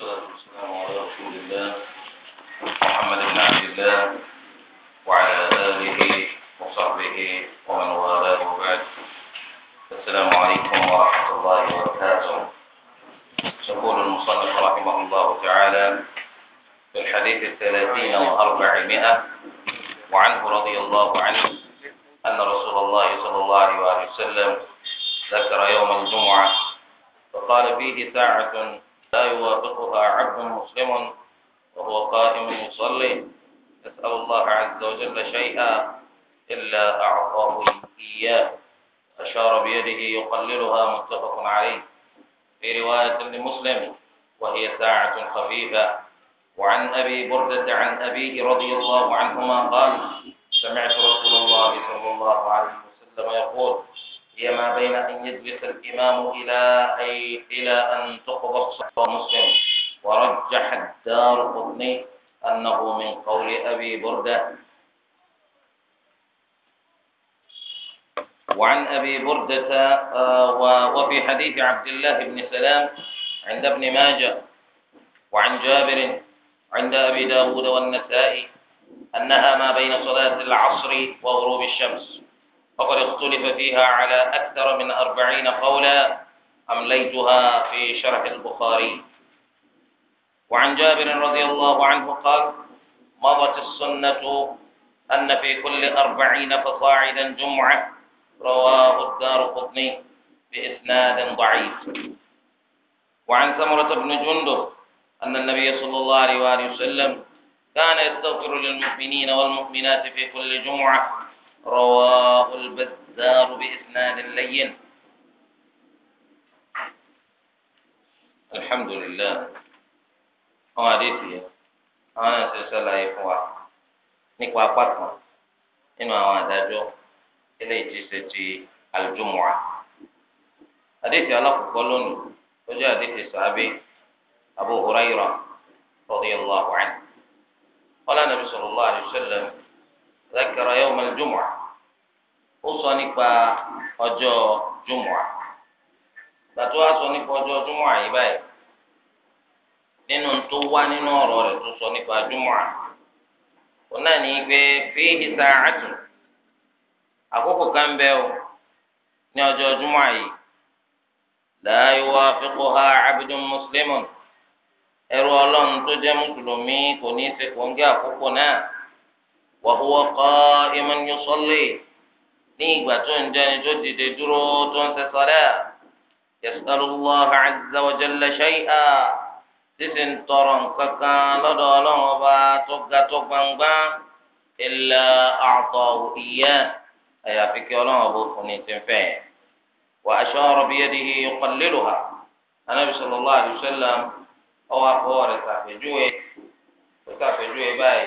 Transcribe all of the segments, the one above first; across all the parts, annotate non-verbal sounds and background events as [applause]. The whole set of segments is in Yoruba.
والصلاة والسلام على رسول الله محمد بن عبد الله وعلى آله وصحبه ومن والاه وبعد السلام عليكم ورحمة الله وبركاته يقول المصنف رحمه الله تعالى في الحديث الثلاثين وأربعمائة وعنه رضي الله عنه أن رسول الله صلى الله عليه وسلم ذكر يوم الجمعة فقال فيه ساعة لا يوافقها عبد مسلم وهو قائم يصلي يسأل الله عز وجل شيئا إلا أعطاه إياه أشار بيده يقللها متفق عليه في رواية لمسلم وهي ساعة خفيفة وعن أبي بردة عن أبيه رضي الله عنهما قال سمعت رسول الله صلى الله عليه وسلم يقول هي ما بين أن يجلس الإمام إلى أي إلى أن تقضى صحبة مسلم ورجح الدار قطني أنه من قول أبي بردة وعن أبي بردة آه، وفي حديث عبد الله بن سلام عند ابن ماجه وعن جابر عند أبي داود والنسائي أنها ما بين صلاة العصر وغروب الشمس فقد اختلف فيها على أكثر من أربعين قولا أمليتها في شرح البخاري وعن جابر رضي الله عنه قال مضت السنة أن في كل أربعين فصاعدا جمعة رواه الدار قطني بإسناد ضعيف وعن ثمرة بن جندب أن النبي صلى الله عليه وآله وسلم كان يستغفر للمؤمنين والمؤمنات في كل جمعة رواه البزار بإسناد لين الحمد لله àwọn àdéhùn yẹn àwọn náà ṣe ṣàlàyé fún wa nípa apá kan nínú àwọn àdájọ́ eléyìí ti ṣe ti àlùjọmọà àdéhùn alákòókò lónìí ó jẹ́ àdéhùn sàábé Abu Hurairah radiyallahu anhu qala nabi sallallahu alaihi wasallam. zakara yawm ọhụrụ jumua ó sọ nípa ọjọ́ jumu'a gbàtú wa sọ nípa ọjọ́ jumu'a yìí báyìí nínú tó wá sọ nípa jumu'a ó náà ní pé fihi sa'atu àkókò kan bẹ o ní ọjọ́ jumu'a yìí la yuwafiquha 'abdun muslimun Ọlọ́run tó jẹ́ mùsùlùmí kò ní í ṣe kò ń gé wa huwa qa'iman yusalli ní ìgbà tó ń jẹni tó dìde dúró tó ń ṣe sàlá yas'alu Allaha 'azza wa jalla shay'a títí ń tọrọ nǹkan kan lọ́dọ̀ ọlọ́run ọba tó ga tó gbangba illa a'tahu iyyah àyàfi kí ọlọ́run fún ní ti ń fẹ́ yẹn. wa ashara biyadihi yuqalliluha anabi sallallahu alaihi wasallam ọwọ́ àfọwọ́ rẹ̀ ṣàpèjúwe rẹ̀ ṣàpèjúwe báyìí.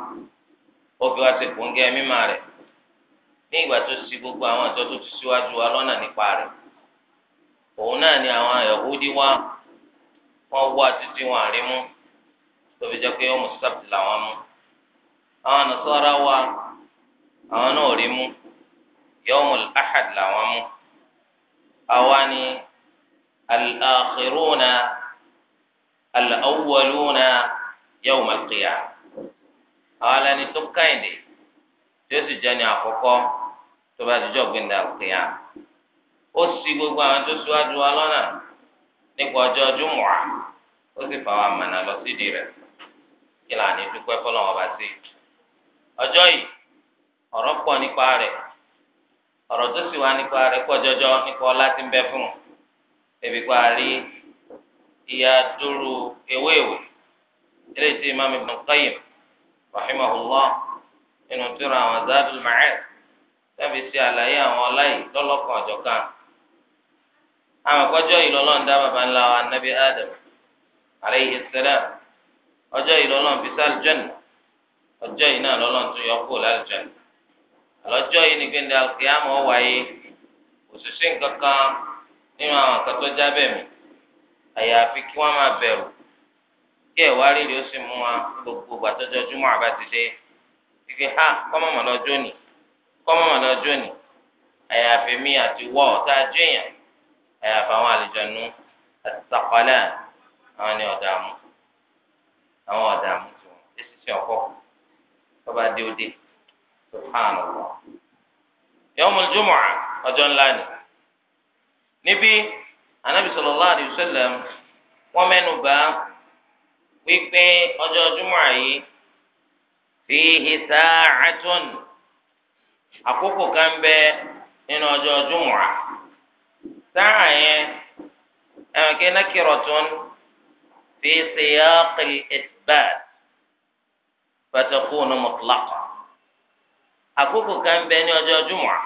ó fi wá sí kòńgẹ́ mímà rẹ̀ ní ìgbà tó ti gbogbo àwọn àjọ tó ti síwájú wa lọ́nà nípa rẹ̀ òun náà ni àwọn Yahudi wá wọ́n wá títí wọn àrí mú tóbi jẹ́ pé ọmọ sábà làwọn mú àwọn Nasara wá àwọn náà rí mú yawmul ahad làwọn mú àwa ni al-akhiruna al-awwaluna yawmal àwọn alẹ́ni tó káyìndé tí ó sì jẹ́ ní àkọ́kọ́ tó bá jíjọ́ gbẹ̀ndà kìíyà ó sì gbogbo àwọn tó síwájú wa lọ́nà nípa ọjọ́ júmọ̀á ó sì fà wá mọ̀nà lọ sídìí rẹ̀ kí là ní dúpẹ́ fọlọ́wọ́n bá sí. yìí nípa tó sì wá nípa jọjọ nípa ọlá tí ń bẹ fún un pa rí ìyá dúró ewéèwé eléyìí rahimahullah Allah tíra àwọn zadul ma'ad tàbí sí àlàyé alaye ọláyì lọ́lọ́kan ọ̀jọ̀kan àwọn ìkọjọ́ yìí lọ́lọ́run dá bàbá ńlá nabi adam aleyhi salam ọjọ́ yìí lọ́lọ́run fi Ọjọ jẹ́nà ọjọ́ yìí náà lọ́lọ́run tún yọ kó lálùjẹ́nà àlọ́jọ́ yìí ni gbẹ̀ndẹ̀ àyàfi kí máa kí ẹ̀wá rírì ó sì mú wa gbogbo gbàtọ́jọ́ júmọ́ àbá ti dé fífi ha kọ́mọ̀ mọ̀ lọ́jọ́ ni kọ́mọ̀ mọ̀ lọ́jọ́ ni àyàfi mi àti wọ́ ọ̀tá jẹ́yàn àyàfi àwọn àlejànú àti sàkọ́lá àwọn ni ọ̀dààmú àwọn ọ̀dààmú tó èsì sí ọ̀pọ̀ tọ́ba dé ó dé subhanallah yawmul jumu'a ọjọ́ ńlá ni níbi anabi sallallahu wọ́n mẹ́nu bàá. wípé ọjọ́ júmọ̀ yìí fi hìsá àtún àkókò kan bẹ nínú ọjọ́ júmọ̀ sáà yẹn ẹ̀wọ̀n kí tún fi si isbat fatakunu mutlaqa àkókò kan bẹ ní ọjọ́ júmọ̀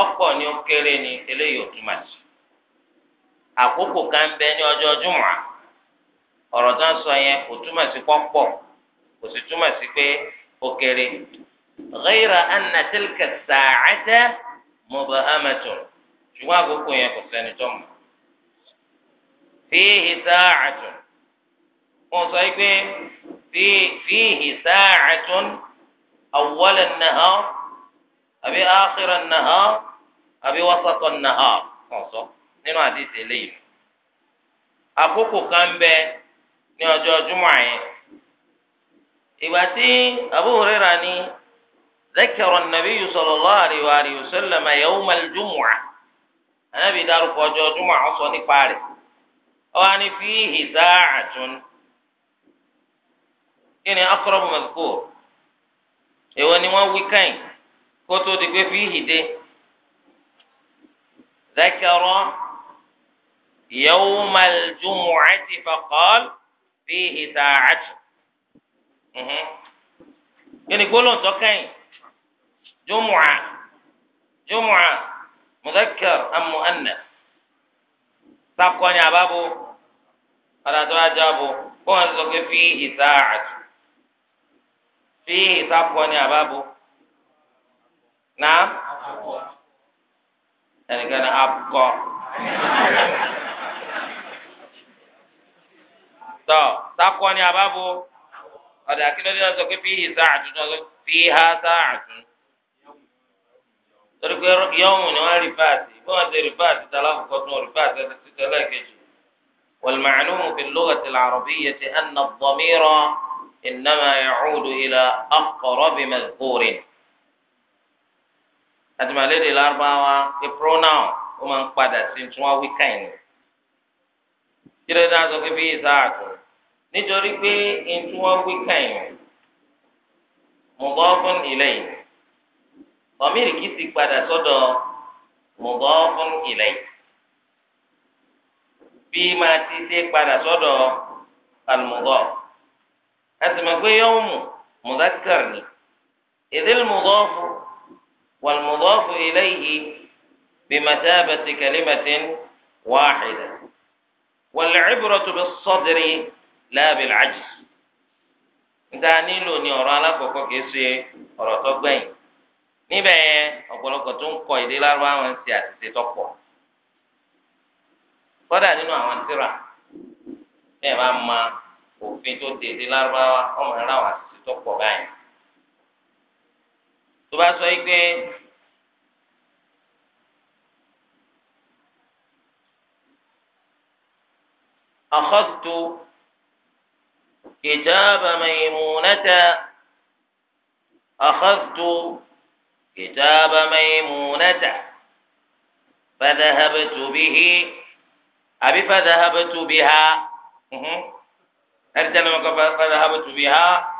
ọ̀pọ̀ ni ó kéré ni eléyìí ò túmọ̀ sí àkókò kan ọ̀rọ̀ tó ń sọ yẹn kò túmọ̀ sí pọ́npọ̀ kò sì túmọ̀ sí pé ó kéré. ghaira anna tilka sa'ata mubahamatun ṣùgbọ́n àkókò yẹn kò sẹ́ni tó mọ̀. fihi sa'atun wọ́n sọ pé fihi sa'atun awwala an àbí akhira an àbí wasata an-nahar sọ nínú àdìsí eléyìí. àkókò kan bẹ́ẹ̀ ní ọjọ́ júmọ̀ yẹn ìgbà tí Abu Huraira ni zakara an-nabiyyu sallallahu alaihi wa sallam yawm al-jumu'ah anábì dárúkọ ọjọ́ júmọ̀ ọ̀sọ nípa rẹ̀ ọ̀hún ni fihi sa'atun kí ni aqrabu madhkur èwo ni wọ́n wí káyìn kótó di pé fihi dé zakara yawm al-jumu'ah faqala fi ìta àjù mhm. kíni gbólóhùn tó kẹ́yìn jumua jumua mudhakkar am muannath sakọni ababo adatọ ajabo kó wọn sọ pé fi ìta àjù fi sakọni ababo náà ẹnìkan náà tọ́ sákọ́ ni àbábo ọ̀dà kí ló dé lọ́sọ̀ pé fíhì sáàtún tó lọ fíhà sáàtún. torí pé yọ̀hún ni wọ́n rí fáàtì bí wọ́n ti rí fáàtì tala àkọ́kọ́ tún rí fáàtì ẹni títí ẹlẹ́ẹ̀kejì. والمعلوم في اللغة العربية أن الضمير إنما يعود إلى أقرب مذكور àtìmọ̀lẹ́ de lárúbáwá pé pronoun ó máa ń padà sí tí wọ́n wí kàn yín. kí ló dé dáa sọ pé bí ìsáàtún nítorí pé ntí wọn wí kàn mudafun ilayhi bọ̀mírì kìí ti padà sọ́dọ̀ mudafun ilayhi bí máa ti ṣe padà sọ́dọ̀ al-mudaf àti mọ̀ pé yawmu mudhakkar ni idhil mudafu wal mudafu ilayhi bimatabati kalimatin wahida wal ibratu bis sadri. láàbìl àjì níta nílò ní ọ̀rọ̀ alákọ̀ọ́kọ́ kìí ṣe ọ̀rọ̀ tó gbẹ̀yìn níbẹ̀ yẹn ọ̀pọ̀lọpọ̀ tó ń kọ èdè lárúbá wọn ti àtìsè tọ́pọ̀ kọ́dà nínú àwọn tíra bẹ́ẹ̀ bá ma òfin tó de èdè lárúbá wa báyìí tó bá sọ كتاب ميمونة أخذت كتاب ميمونة فذهبت به أبي فذهبت بها هل أمم. لما فذهبت بها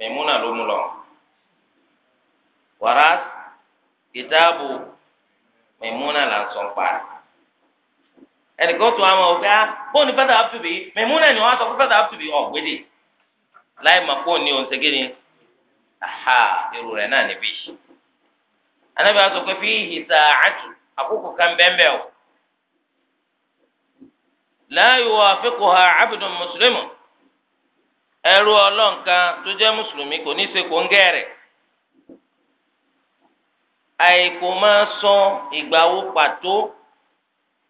ميمونة لون وراس كتاب ميمونة لانصنفان ẹnìkan ama àwọn ọgbẹ́ á bóun ni fẹ́tà àpùtù bìí ni wọ́n á sọ fún fẹ́tà àpùtù ọ̀gbẹ́dẹ̀ láì mọ̀ pé ni aha irú rẹ̀ náà níbí. anábì á sọ pé fi hìsà àtù àkókò kan bẹ́ẹ̀ o láàyò àfikún ha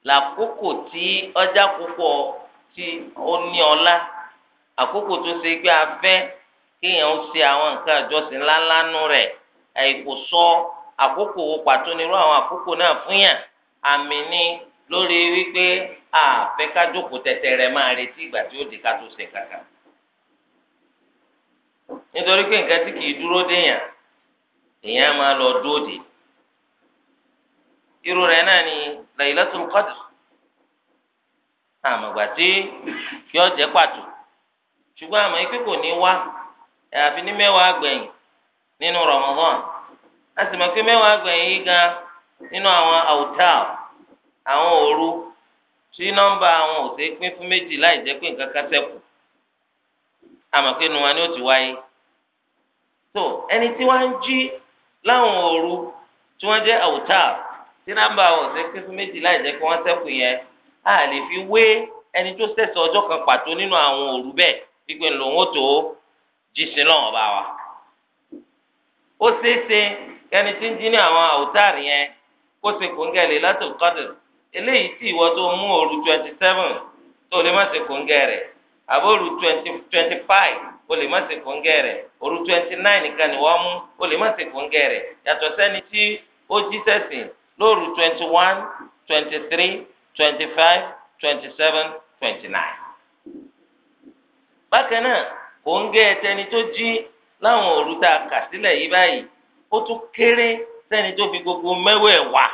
làkókò tí ọjà kókó tí ó ní ọlá àkókò tó ṣe pé a fẹ́ kéèyàn ó ṣe àwọn nǹkan àjọsìn ńláńlá nù rẹ̀ àìkò sọ àkókò pàtó nírú àwọn àkókò náà fún yàn àmì ni lórí wípé àfẹ́ kájókòó tẹ̀tẹ̀rẹ̀ máa retí ìgbà tí ó di ká tó ṣe kàkà. nítorí pé nǹkan tí kì í dúró déyàn èèyàn máa lọ dóde. irú rẹ̀ náà ni Laylatul Qadr àmọ̀gbà tí yọ jẹ́ pàtó ṣùgbọ́n àmọ́ ikú kò ní wá àfi ní mẹ́wàá gbẹ̀yìn nínú Ramadan a sì mọ̀ pé mẹ́wàá gbẹ̀yìn yìí gan nínú àwọn àwùtáà àwọn òru tí nọmba àwọn òsè ṣe pín fún méjì láì jẹ́ pé nǹkan kan ṣẹ́kù àmọ́ pé nu wa ni ó ti wáyé tó ẹni tí wọ́n ń jí láwọn òru tí wọ́n jẹ́ àwùtáà. tí nọ́mbà wọn ṣe pín fún méjì láì jẹ́ kí wọ́n ṣẹ́kù yẹn a lè fi wé ẹni tó ṣẹ̀ṣẹ̀ ọjọ́ kan pàtó nínú àwọn òru bẹ́ẹ̀ pípé lòun ó tó jíṣin lọ́wọ́ bá wa. ó ṣeéṣe kẹni tí ń jí ní àwọn àwùtáàrí yẹn kó ṣe kòńgẹ́ lè látò kọ́dù eléyìí tí ìwọ tó mú òru twenty seven tó lè má ṣe kòńgẹ́ rẹ̀ àbó òru twenty twenty five o lè má ṣe kòńgẹ́ rẹ̀ òru twenty nine nìkan ni wọ́n mú o lè má ṣe kòńgẹ́ rẹ̀ yàtọ̀ sẹ́ni tí ó jí sẹ́sìn lóru twenty one twenty three twenty five twenty seven twenty nine. bákan náà kò ń gé ẹtẹni tó jí láwọn òru tá a kà sílẹ̀ yìí báyìí ó tún kéré sẹ́ni tó fi gbogbo mẹ́wẹ̀ẹ̀wá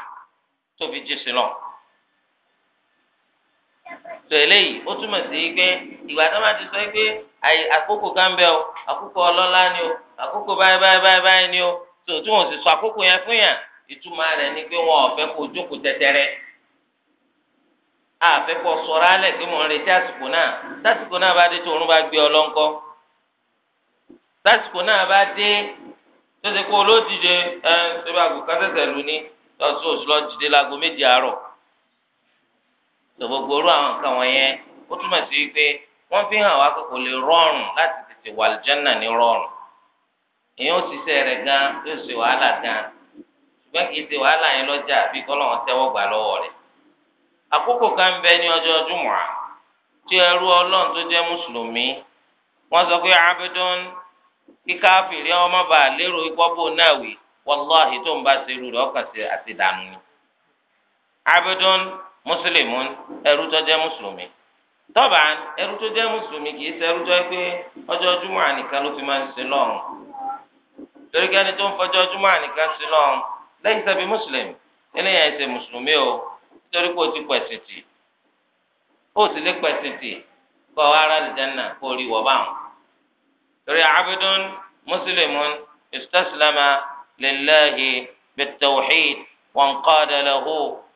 tó fi jí sí náà. tó eléyìí ó túmọ̀ sí pé ìgbà tó máa ti sọ pé àkókò kan o àkókò ọlọ́lá ni o àkókò báyìí báyìí báyìí ni o tó tún ò sì sọ àkókò yẹn fún yàn ìtumọ̀ rẹ̀ ni pé wọn ò fẹ́ kó jókòó tẹ́tẹ́rẹ́ àfẹ́ kó sọ̀rọ̀ alẹ́ pé mò ń retí àsìkò náà sásìkò náà bá dé tó òun bá gbé ọ lọ́ńkọ́ sásìkò náà bá dé tó ṣe kó olódìde ẹ ṣẹbi àgùn kásẹ̀sẹ̀ lù ní lọ́sọ̀ oṣù lọ́dìde láago méje àárọ̀ gbogbo orú àwọn nǹkan wọ̀nyẹn ó túmọ̀ sí pé wọ́n fi hàn wá pé kò lè rọrùn láti tètè wà lìjánà ní rọrùn èèyàn ó ti sẹ́ rẹ̀ gan yóò ṣe wàhálà gan ṣùgbọ́n kì í ṣe wàhálà yẹn lọ́jà àbí kọ́ tẹ́wọ́ gbà lọ́wọ́ rẹ̀. àkókò kan bẹ ní ọjọ́ jùmọ̀à tí ẹrú ọlọ́run tó jẹ́ mùsùlùmí wọ́n sọ pé abidun kíkà fìrí ọmọ bá lérò ìpọ́bù náà wì wàláhì tó ń bá ṣe irú rẹ̀ ọkàn ni. abidun mùsùlùmí ẹrú tó jẹ́ mùsùlùmí tọ́ba ẹrú tó jẹ́ mùsùlùmí lẹ́yìn sábẹ́ mùsùlùmí eléyà ẹsẹ̀ mùsùlùmí o nítorí pé o ti pẹ̀sìn tì o sì lè pẹ̀sìn tì kọ́ ara àlìjáná kó rí wọ́ báwọn. torí abidun muslimun istaslama lillahi bitawhid wanqada lahu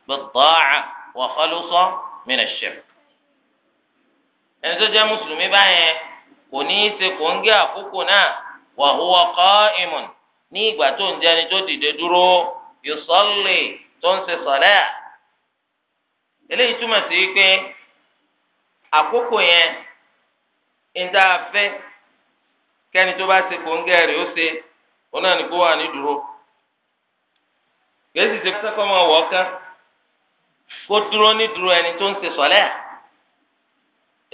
bittaa'a wa khalusa min ash-shirk. ẹni tó jẹ́ mùsùlùmí báyẹn kò ní í ṣe kò ń gé àkókò náà wa huwa qa'imun ní ìgbà tó ń jẹni tó dìde dúró yusalli tó ń ṣe sọ̀lẹ́ eléyìí túmọ̀ sí pé àkókò yẹn ìdá afẹ́ kẹ́ni tó bá ṣe kòńgẹ́ rẹ̀ ó ṣe òun náà ní kó wà ní dúró kèésì ṣe kọ́kọ́ máa wọ̀ ọ́ kó dúró ní dúró ẹni tó ń ṣe sọ̀lẹ́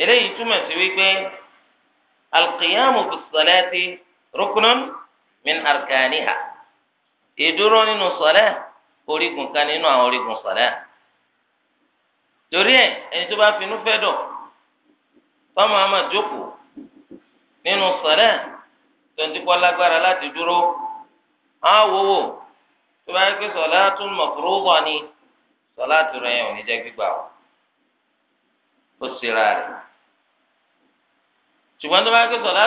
eléyìí túmọ̀ sí wípé alqiyamu bis-salati min arkaniha ìdúró nínú sọlẹ orígun kan nínú àwọn orígun sọlẹ torí ẹ ẹni tó bá finú fẹ́ dọ̀ tọmọ àmà jókòó nínú sọlẹ tontikọ lágbára láti dúró àwòwò tó bá yẹ sọlẹ tún mọkúrú ni sọlẹ àtúrọ yẹn ò ní jẹ gbígbà o ó sera rẹ ṣùgbọ́n tó bá yẹ pé sọlẹ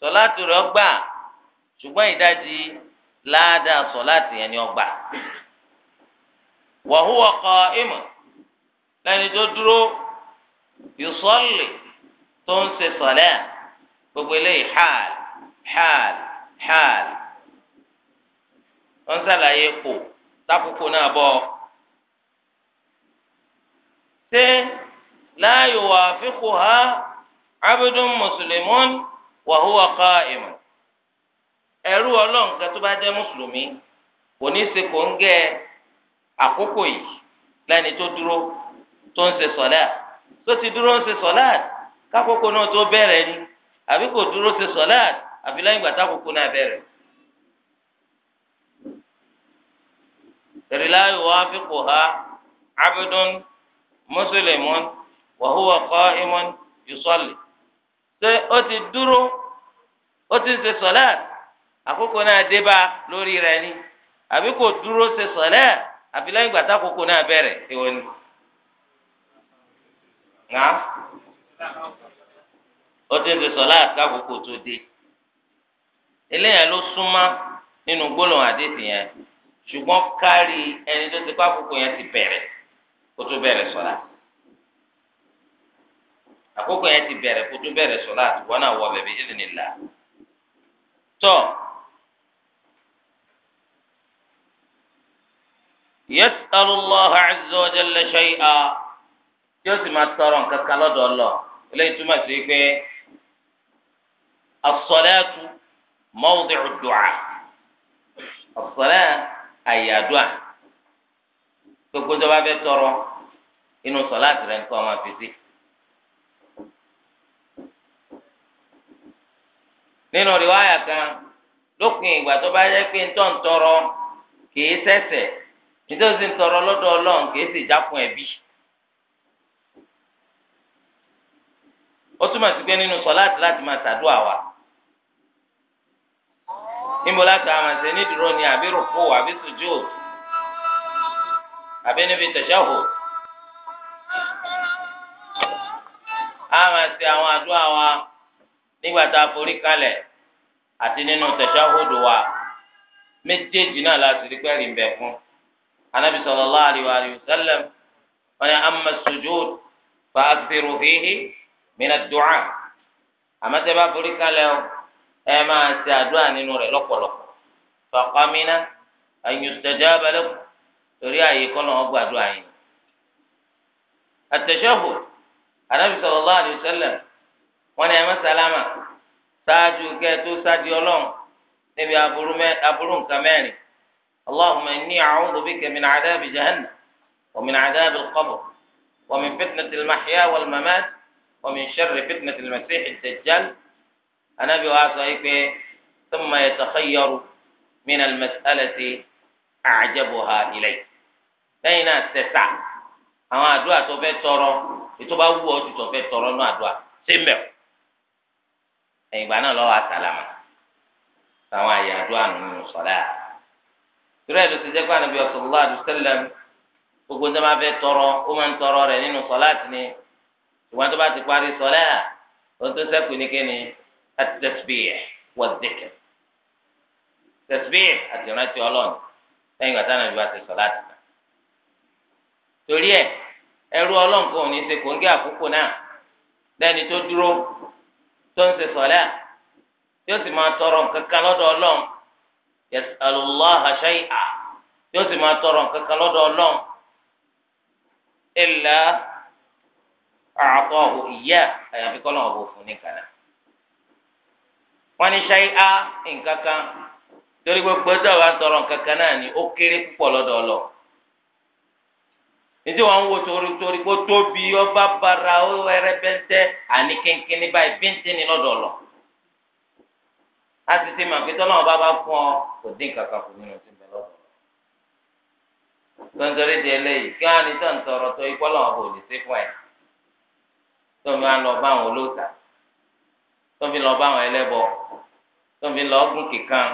sọláàtì rẹ̀ ọgbà ṣùgbọ́n ìdajì láàdáa sọláàtì yẹn ni ọgbà wa huwa qa'im lẹ́ni tó dúró yusalli tó ń ṣe sọ̀lẹ́ gbogbo eléyìí xaal xaal xaal wọ́n ṣàlàyé kù tákùkù náà bọ̀ ṣé la yuwafiquha abdun muslimun wa huwa qa'im ẹrú ọlọ́run kan tó bá jẹ́ mùsùlùmí kò ní í ṣe kò ń gẹ́ àkókò yìí lẹ́ni tó dúró tó ń ṣe sọ̀lá tó ti dúró ń ṣe sọ̀lá kákòókò náà tó bẹ̀rẹ̀ ni àbí kò dúró ṣe sọ̀lá àbí lẹ́yìn ìgbà tákòókò náà bẹ̀rẹ̀. la yuwafiquha abdun muslimun wa huwa qa'imun yusalli ṣé ó ti dúró ó ti ṣe sọlẹ àkókò náà dé bá lórí rẹ ni àbí kò dúró ṣe sọlẹ àbí lẹ́yìn ìgbà tákòókò náà bẹ̀rẹ̀ ìwọ ni. nà ó ti ṣe sọlẹ àkókò tó dé eléyàn ló súnmọ́ nínú gbólóhùn àdéhùn yẹn ṣùgbọ́n kárí ẹni tó ti pa àkókò yẹn ti bẹ̀rẹ̀ kó tó bẹ̀rẹ̀ sọlẹ. So àkókò yẹn ti bẹ̀rẹ̀ kó tó bẹ̀rẹ̀ sọlá àtìwọ́n náà wọ bẹ̀bí ìdìnnìlá tọ́ yẹ́sàlú lọ́hà ẹ̀zọ́jẹ́lẹ̀ ṣẹ́yà tí ó sì máa tọrọ nǹkan kan lọ́dọ̀ ọlọ́ eléyìí túmọ̀ sí pé asọ́lẹ́tù mọ́wùdìrì dùà asọ́lẹ́ àyàdùà gbogbo tó bá fẹ́ tọrọ inú sọ́láàtì rẹ̀ nǹkan máa fi sí. nínú rìwáyà kan lópin ìgbà tó bá yẹ pé ntọ́ ntọrọ kìí sẹ̀sẹ̀ nítorí ntọrọ lọ́dọ̀ ọlọ́run kìí sì jákun ẹ̀bí. ó túmọ̀ sí pé nínú sọláàtì láti máa ṣàdúrà wa níbo láti àwọn àṣẹ nídúró ni àbí rúkú àbí sùjúd àbí níbi tashahhud. a máa ṣe àwọn àdúrà wa nígbà tá a forí kalẹ̀ àti nínú tẹ̀síáhódù wa méjèèjì náà láti rí pẹ́ẹ́rì ń bẹ̀ fún anabi sallallahu alaihi wa alihi wa sallam wọn ni amma sujud fa akthiru fihi min ad-du'a àmọ́tẹ́ bá forí kalẹ̀ o ẹ máa ṣe àdúrà nínú rẹ̀ lọ́pọ̀lọpọ̀ fa qamina an yustajaba lakum torí ààyè kọ́nà ọgbà àdúrà yìí at-tashahhud anabi sallallahu alaihi wa sallam wọn ni ẹ sálámà ṣáájú kẹ́ tó sáájú ọlọ́run níbi aburú nǹkan mẹ́rin allahumma inni a'udhu bika min adhabi jahannam wa min adhabi al-qabr wa min fitnati al-mahya wal-mamat wa min sharri fitnati al-masih ad-dajjal anabi wa sọ yìí pé thumma yatakhayyaru min al-mas'alati a'jabuha ilayhi lẹ́yìn náà sẹsà àwọn àdúrà tó fẹ́ tọrọ ètò bá wù ọ́ tó fẹ́ tọrọ nù àdúrà sẹmẹ o ẹ̀yìn ìgbà náà lọ́wọ́ àtàlámà táwọn àyè àdúrà nínú sọ̀dá. ìrọ̀ ẹ̀ ló ti jẹ́ pé ànábi sallallahu alaihi wasallam gbogbo tó máa fẹ́ tọrọ ó máa ń tọrọ rẹ̀ nínú sọ̀lá àti ni ìwọ́n tó bá ti parí sọ̀lá ohun tó sẹ́kù ní kíni at-tasbih wa dhikr tasbih àti ìrántí ọlọ́run lẹ́yìn ìgbà táwọn ànábi ti sọ̀lá àti náà. torí ẹ ẹrú ọlọ́run kò ní í ṣe kò ń gé àkókò náà lẹ́ni tó dúró tó ń ṣe sọ̀lẹ́ yóò sì máa tọrọ nǹkan kan yóò sì máa tọrọ nǹkan kan lọ́dọ̀ ọlọ́run illa a'tahu iyyah àyàfi kọ́ lọ́wọ́ fún ní nǹkan kan torí gbogbo nítorí wọn wo torí torí kó tóbi ọba bara ọwẹrẹ bẹntẹ àní kínkínní báyìí bíntín ni lọ́dọ̀ lọ láti ṣe màá fi tọ́lá wọn bá bá fún ọ kò dín kankan fún mi lọ sí mi lọ́dọ̀ tọ́ntọ́rí di eléyìí kí wọ́n á ní tọ́ntọ́rọ tó ikọ́ lọ́wọ́ bò lè ṣe fún ẹ tóbi wọn lọ bá àwọn olóòtà tóbi lọ bá àwọn ẹlẹ́bọ tóbi lọ gùn kíkan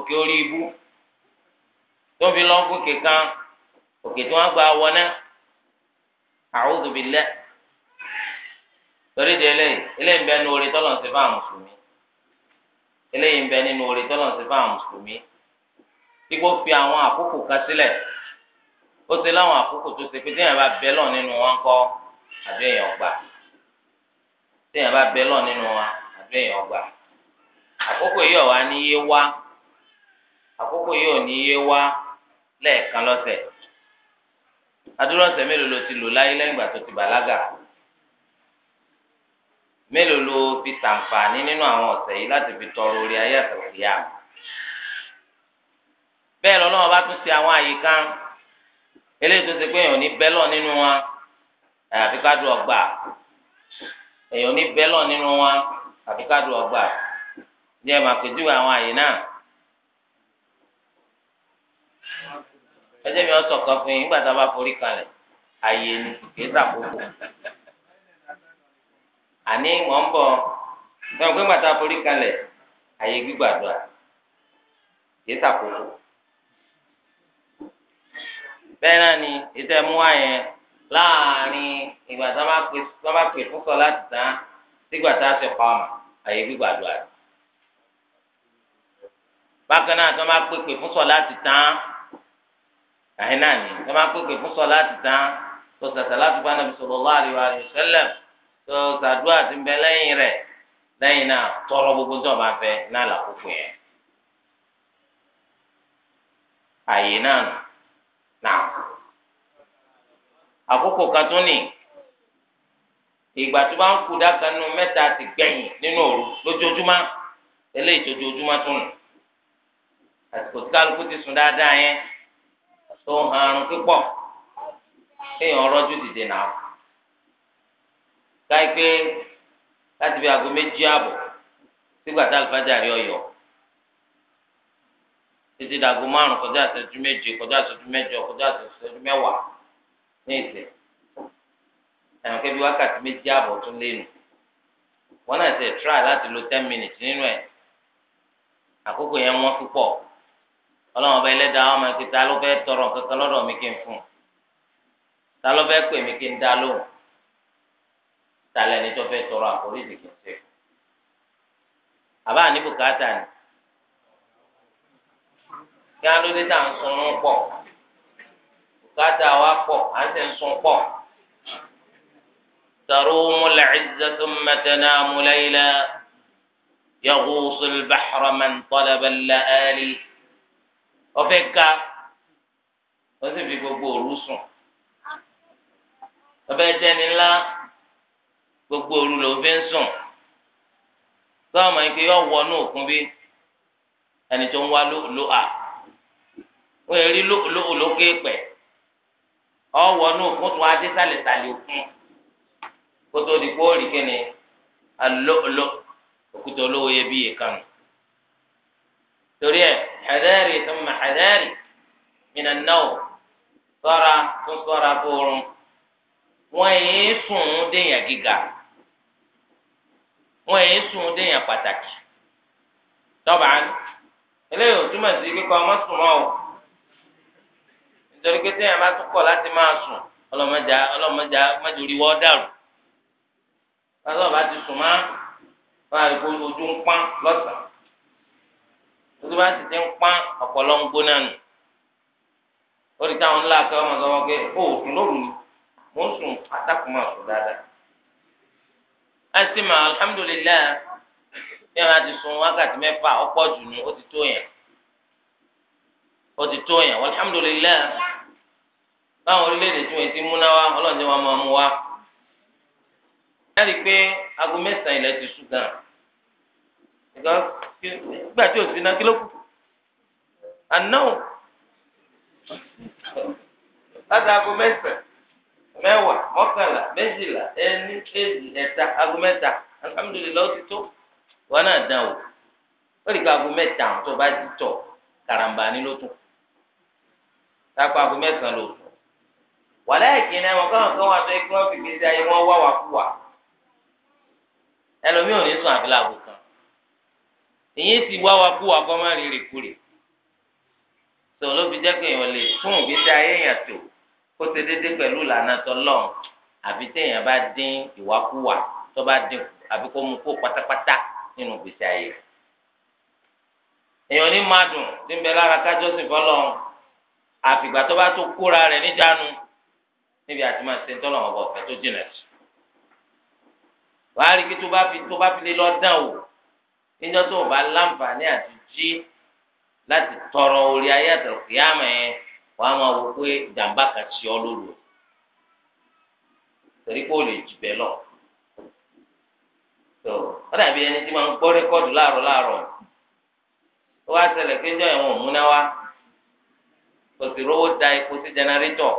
òkè orí ibú tó fi lọ́n gòkè kan òkè tí wọ́n gba awọ náà a'udhu billah torí de eléyìí eléyìí ń bẹ nínú orí tọ́lọ̀ ń ṣe fáwọn mùsùlùmí eléyìí ń bẹ nínú orí tọ́lọ̀ ń ṣe fáwọn mùsùlùmí dípò fi àwọn àkókò kan sílẹ̀ ó ti láwọn àkókò tó ṣe pé téèyàn bá bẹ lọ nínú wọn kọ́ àbí èèyàn gbà téèyàn bá bẹ lọ nínú wọn àbí èèyàn gbà àkókò yìí ọ̀ wá ní yé wá àkókò yìí ò ní yé wá lẹ́ẹ̀kan lọ́sẹ̀ adúrú ọ̀sẹ̀ mélòó ló ti lò láyé lẹ́yìn ìgbà tó ti bàlágà mélòó ló fi ṣàǹfààní nínú àwọn ọ̀sẹ̀ yìí láti fi tọrọ orí ayé àtàwọ̀rí àmì bẹ́ẹ̀ lọ́lọ́wọ́ bá tún ṣe àwọn àyíká eléyìí tó ṣe pé èèyàn ní bẹ́lọ̀ nínú wa àfi ká dùn ọgbà èèyàn ní bẹ́lọ̀ nínú wa àfi ká dùn ọgbà ní ẹ̀ máa pèjúwe àwọn àyè náà. ẹsẹ̀ mi ọ̀sọ̀ kan fún yín nígbà tá a bá forí kalẹ̀ àyè ni kì í sàkókò àní wọ́n ń bọ̀ sọ̀rọ̀ pé gbàtà forí kalẹ̀ àyè gbígbàdúrà kì í sàkókò bẹ́ẹ̀ náà ni ìtẹ́ mú àyẹn láàrin ìgbà tá a bá pè fún sọ láti tán sígbà tá a ti pa ọmọ àyè gbígbàdúrà bákan náà tí wọ́n bá pèpè fún sọ láti tán àyìn náà ni ẹ máa pèpè fún sọlá ti tán tó sàtà láti bá nàbì sallallahu alaihi wa sallam tó sàdúrà ti ń bẹ lẹ́yìn rẹ̀ lẹ́yìn náà tọrọ gbogbo tó bá fẹ́ náà làkókò yẹn. àyè náà náà àkókò kan tún nì ìgbà tó bá ń kú dákanu mẹ́ta ti gbẹ̀yìn nínú òru lójoojúmọ́ eléyìí tó joojúmọ́ tún nù àsìkò tí kálukú ti sùn dáadáa yẹn. tó ń han arun púpọ̀ kéèyàn rọ́jú dìde náà káyipé láti fi aago méjì ààbọ̀ sígbà tá àlùfáàjà ọyọ títí dàgó márùn kọjá àṣẹjú méje kọjá àṣẹjú mẹjọ kọjá àṣẹjú mẹwàá ní ìsẹ ẹnìkan kẹbi wákàtí wọn náà ṣe lo ten minutes nínú ẹ àkókò yẹn ọlọ́run ọba ẹlẹ́dàá ọmọ ẹ̀ kíta ló fẹ́ tọrọ kankan lọ́dọ̀ mi kí n fún un ta ló fẹ́ pè mí kí n dá lóhùn ta lẹ́ni tó fẹ́ tọrọ àforíjì kí n ṣe àbá ní bùkátà ni kí á ló dé tá à ń sunun pọ̀ bùkátà wa pọ̀ à ń sì ń sun pọ̀ تروم العزة ثم تنام ليلا يغوص البحر من طلب اللآلي ọfẹ ga wọ́n sì fi gbogbo òru sùn ọfẹ dẹni ńlá gbogbo òru ló fi ń sùn sọ́wọ́n mọ̀ ike yọ wọnú òkun bí ẹni tó ń wá ló à wọ́n yẹ rí lókè pẹ̀ ọ wọnú òkun tó wá dé òkun kótó di kó rí kíni òkúta olówó yẹ bí yẹ kàn torí ẹ hadari thumma hadari mina náà ṣọ́ra tún ṣọ́ra fóorun wọn yìí sùn ún déyàn gíga wọn yìí sùn ún déyàn pàtàkì tọ́ba eléyìí ò túmọ̀ sí kíkọ́ ọmọ sùn mọ́ o nítorí pé téèyàn bá tún kọ̀ láti máa sùn ọlọ́mọdé ọlọ́mọdé mẹ́jọrí wọ́ dàrú lọ́sọ̀ bá ti sùn má báyìí ojú ń pọ́n lọ́sàn-án tó bá ti ti ń pán ọ̀pọ̀lọ́ ń gbóná nù ó di táwọn ńlá akẹ́wọ́ máa sọ wọn pé ó sùn lóru ni mò ń sùn àtàkùn máa sùn dáadáa. a sì máa alhamdulilayi bí wọn ti sun wákàtí mẹ́fà ọ̀pọ̀ jù nù ó ti tó yẹn ó ti tó yẹn alhamdulilayi báwọn orílẹ̀-èdè tí wọ́n ti múná wá ọlọ́run tí máa mú wá. láti pé aago mẹ́sàn-án ilẹ̀ ti sùn gan-an gbà tí o sì ná kílókù ànáwó láti aago mẹ́sàn mẹ́wàá mọ́kànlá méjìlá ẹni èjì ẹ̀ta aago mẹ́ta alhamdulilayi ó ti tó wọn náà dán o ó lè ka aago mẹ́ta tó bá ti tọ karambani ló tún tápá aago mẹ́sàn ló tún wàlẹ́ ìkíni àwọn káwọn kan wà tó ẹgbẹ́ wọn fi gbèsè ayé wọn wá wà fún wa ẹlòmíràn ní sùn àfi láago kan èyí sì wá wa kú wa kọ́ má rírì kúrì tó ló fi jẹ́ pé èèyàn lè tún ìgbésí ayé yẹn tó kó ṣe déédéé pẹ̀lú ìlànà tọ́lọ́n àfi téèyàn bá dín ìwákúwà tó bá dín àfi kó mu kó pátápátá nínú ìgbésí ayé rẹ̀ èèyàn ní máa dùn tí ń bẹ lára kájọ́sìn fọlọ́ àfìgbà tó bá tó kóra rẹ̀ níjànú níbi àti máa ṣe tọ́lọ̀ ọ̀bọ̀ ọ̀fẹ́ tó jìnà sí wàá rí i tó bá fi lè lọ dán o níjọ́ tó o bá láǹfààní àti jí láti tọrọ orí ayé àtàlùkìyàmẹ wàá máa wò pé ìjàmbá kan ti ọ lóru torí pé o lè jù bẹ́ẹ̀ lọ tó ó dàbí ẹni tí máa ń gbọ́ rékọ́dù láàárọ̀ láàárọ̀ ó wá ṣẹlẹ̀ pé níjọ́ ẹ̀wọ̀n òmúná kò sì rówó da epo sí jẹnẹrétọ̀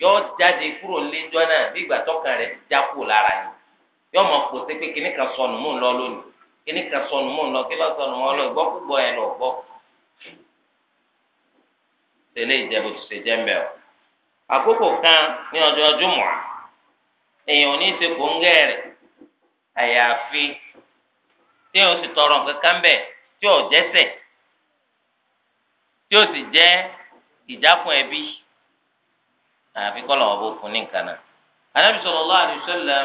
yóò jáde kúrò níjọ́ náà bí ìgbà tọ́kàn rẹ̀ ti já kúrò lára yìí yóò mọ̀ pòṣé pé kinní sọnù mò ń lọ lónìí kini kan sọnù mọ́ lọ kí lọ sọnù mọ́ lọ ìgbọ́ púpọ̀ ẹ̀ lọ gbọ́. tẹ̀lé ìjẹ́bù tó ṣe jẹ́ mbẹ́ o. àkókò kan ní ọjọ́ jùmọ̀ èèyàn ò ní í ṣe kó ń gẹ̀rẹ̀ àyàfi tí o sì tọrọ kankan bẹ̀ tí o jẹ́sẹ̀ tí o sì jẹ́ ìjákun ẹbí àfi kọ́ lọ́wọ́ fún ní nǹkan náà. anábìsọ̀rọ̀ lọ́wọ́ àdìsọ́lẹ̀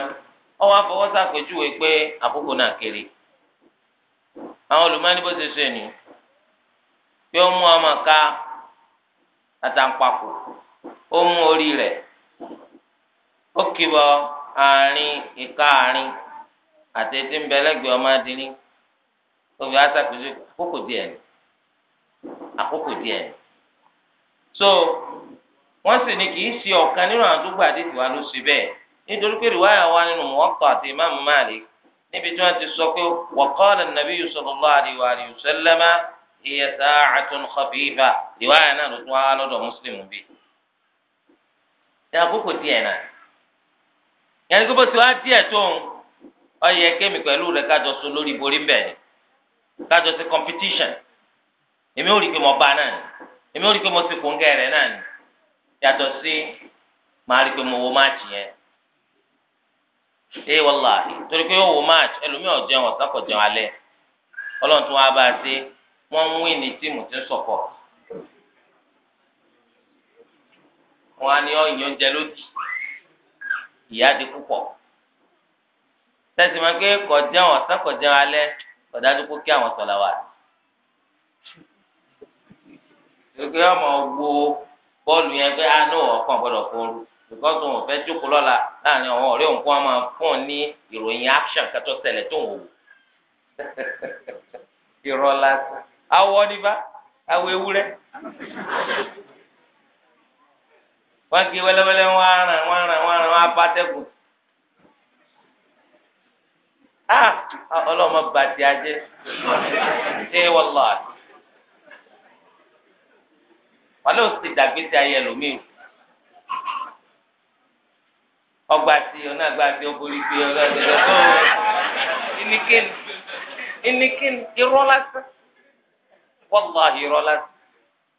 ọ wá fọwọ́ sàpèjúwe pé àkókò náà kéré àwọn olùmọ́ni bó ṣe ṣe ni pé ó mú ọmọ ká àtàǹpàkò ó mú orí rẹ̀ ó kìbọ àárín ìka àárín àti etí ń bẹ lẹ́gbẹ̀ẹ́ ọmọ adìrín obì àkókò díẹ̀ ni àkókò díẹ̀ ni so wọ́n sì ní kì í ṣe ọ̀kan nínú àwọn tó gbà dé ló ṣe bẹ́ẹ̀ nítorí pé ìwáyà wa nínú mọ́tò àti ìmáàmù Malik níbi tí wọ́n ti sọ pé waqala an-nabiyyu sallallahu alayhi wa sallama hiya sa'atun khafifa ìwáyà náà ló tún wá lọ́dọ̀ mùsùlùmí bí. ìdàgbòkò díẹ̀ náà yẹn ní kó bó ti wá díẹ̀ tó ń ọyẹ kémi pẹ̀lú rẹ̀ kájọ so lórí borí bẹ́ẹ̀ ni kájọ sí competition èmi ò rí pé mo bá náà ni èmi ò rí pé mo ti kún gẹ̀rẹ́ náà ni yàtọ̀ sí màá rí pé mo wo máàcì yẹn ee wàláhì torí pé ó wò match ẹlòmíì ò jẹun ọ̀sán kò jẹun alẹ́ ọlọ́run tó wá bá a ṣe wọ́n ń wí ní tíìmù tí ń sọ̀kọ̀ wọn á ní ọ̀yàn oúnjẹ lójì ìyá di púpọ̀ tẹ̀sí ma pé kò jẹun ọ̀sán kò jẹun alẹ́ kò dájú kó kí àwọn sọ̀lá wà torí pé ọmọ wo bọ́ọ̀lù yẹn pé a ah, ní ọ̀kan gbọ́dọ̀ fọ́ọ̀rù because òun ò fẹ́ jókòó lọ́la láàrin àwọn ọ̀rẹ́ òun kó wọn máa fún un ní ìròyìn action kẹtọ́ ṣẹlẹ̀ tó ń wò [laughs] irọ́ lásán awọ ní bá awọ ewúrẹ́ wọ́n gé wẹ́lẹ́wẹ́lẹ́ wọ́n aràn wọ́n aràn wọ́n aràn wọ́n abá tẹ́kùn ah ọlọ́mọ bàtí ajé ṣé wọ́lọ́ àti wọ́n lọ́ọ́ sì dàgbé sí ayé ẹlòmíràn ọgbà tí ọ náà gbà tí ó borí pé ọ náà lọ bọ ìníkíni ìníkíni irọ́ lásán wọ́láhì irọ́ lásán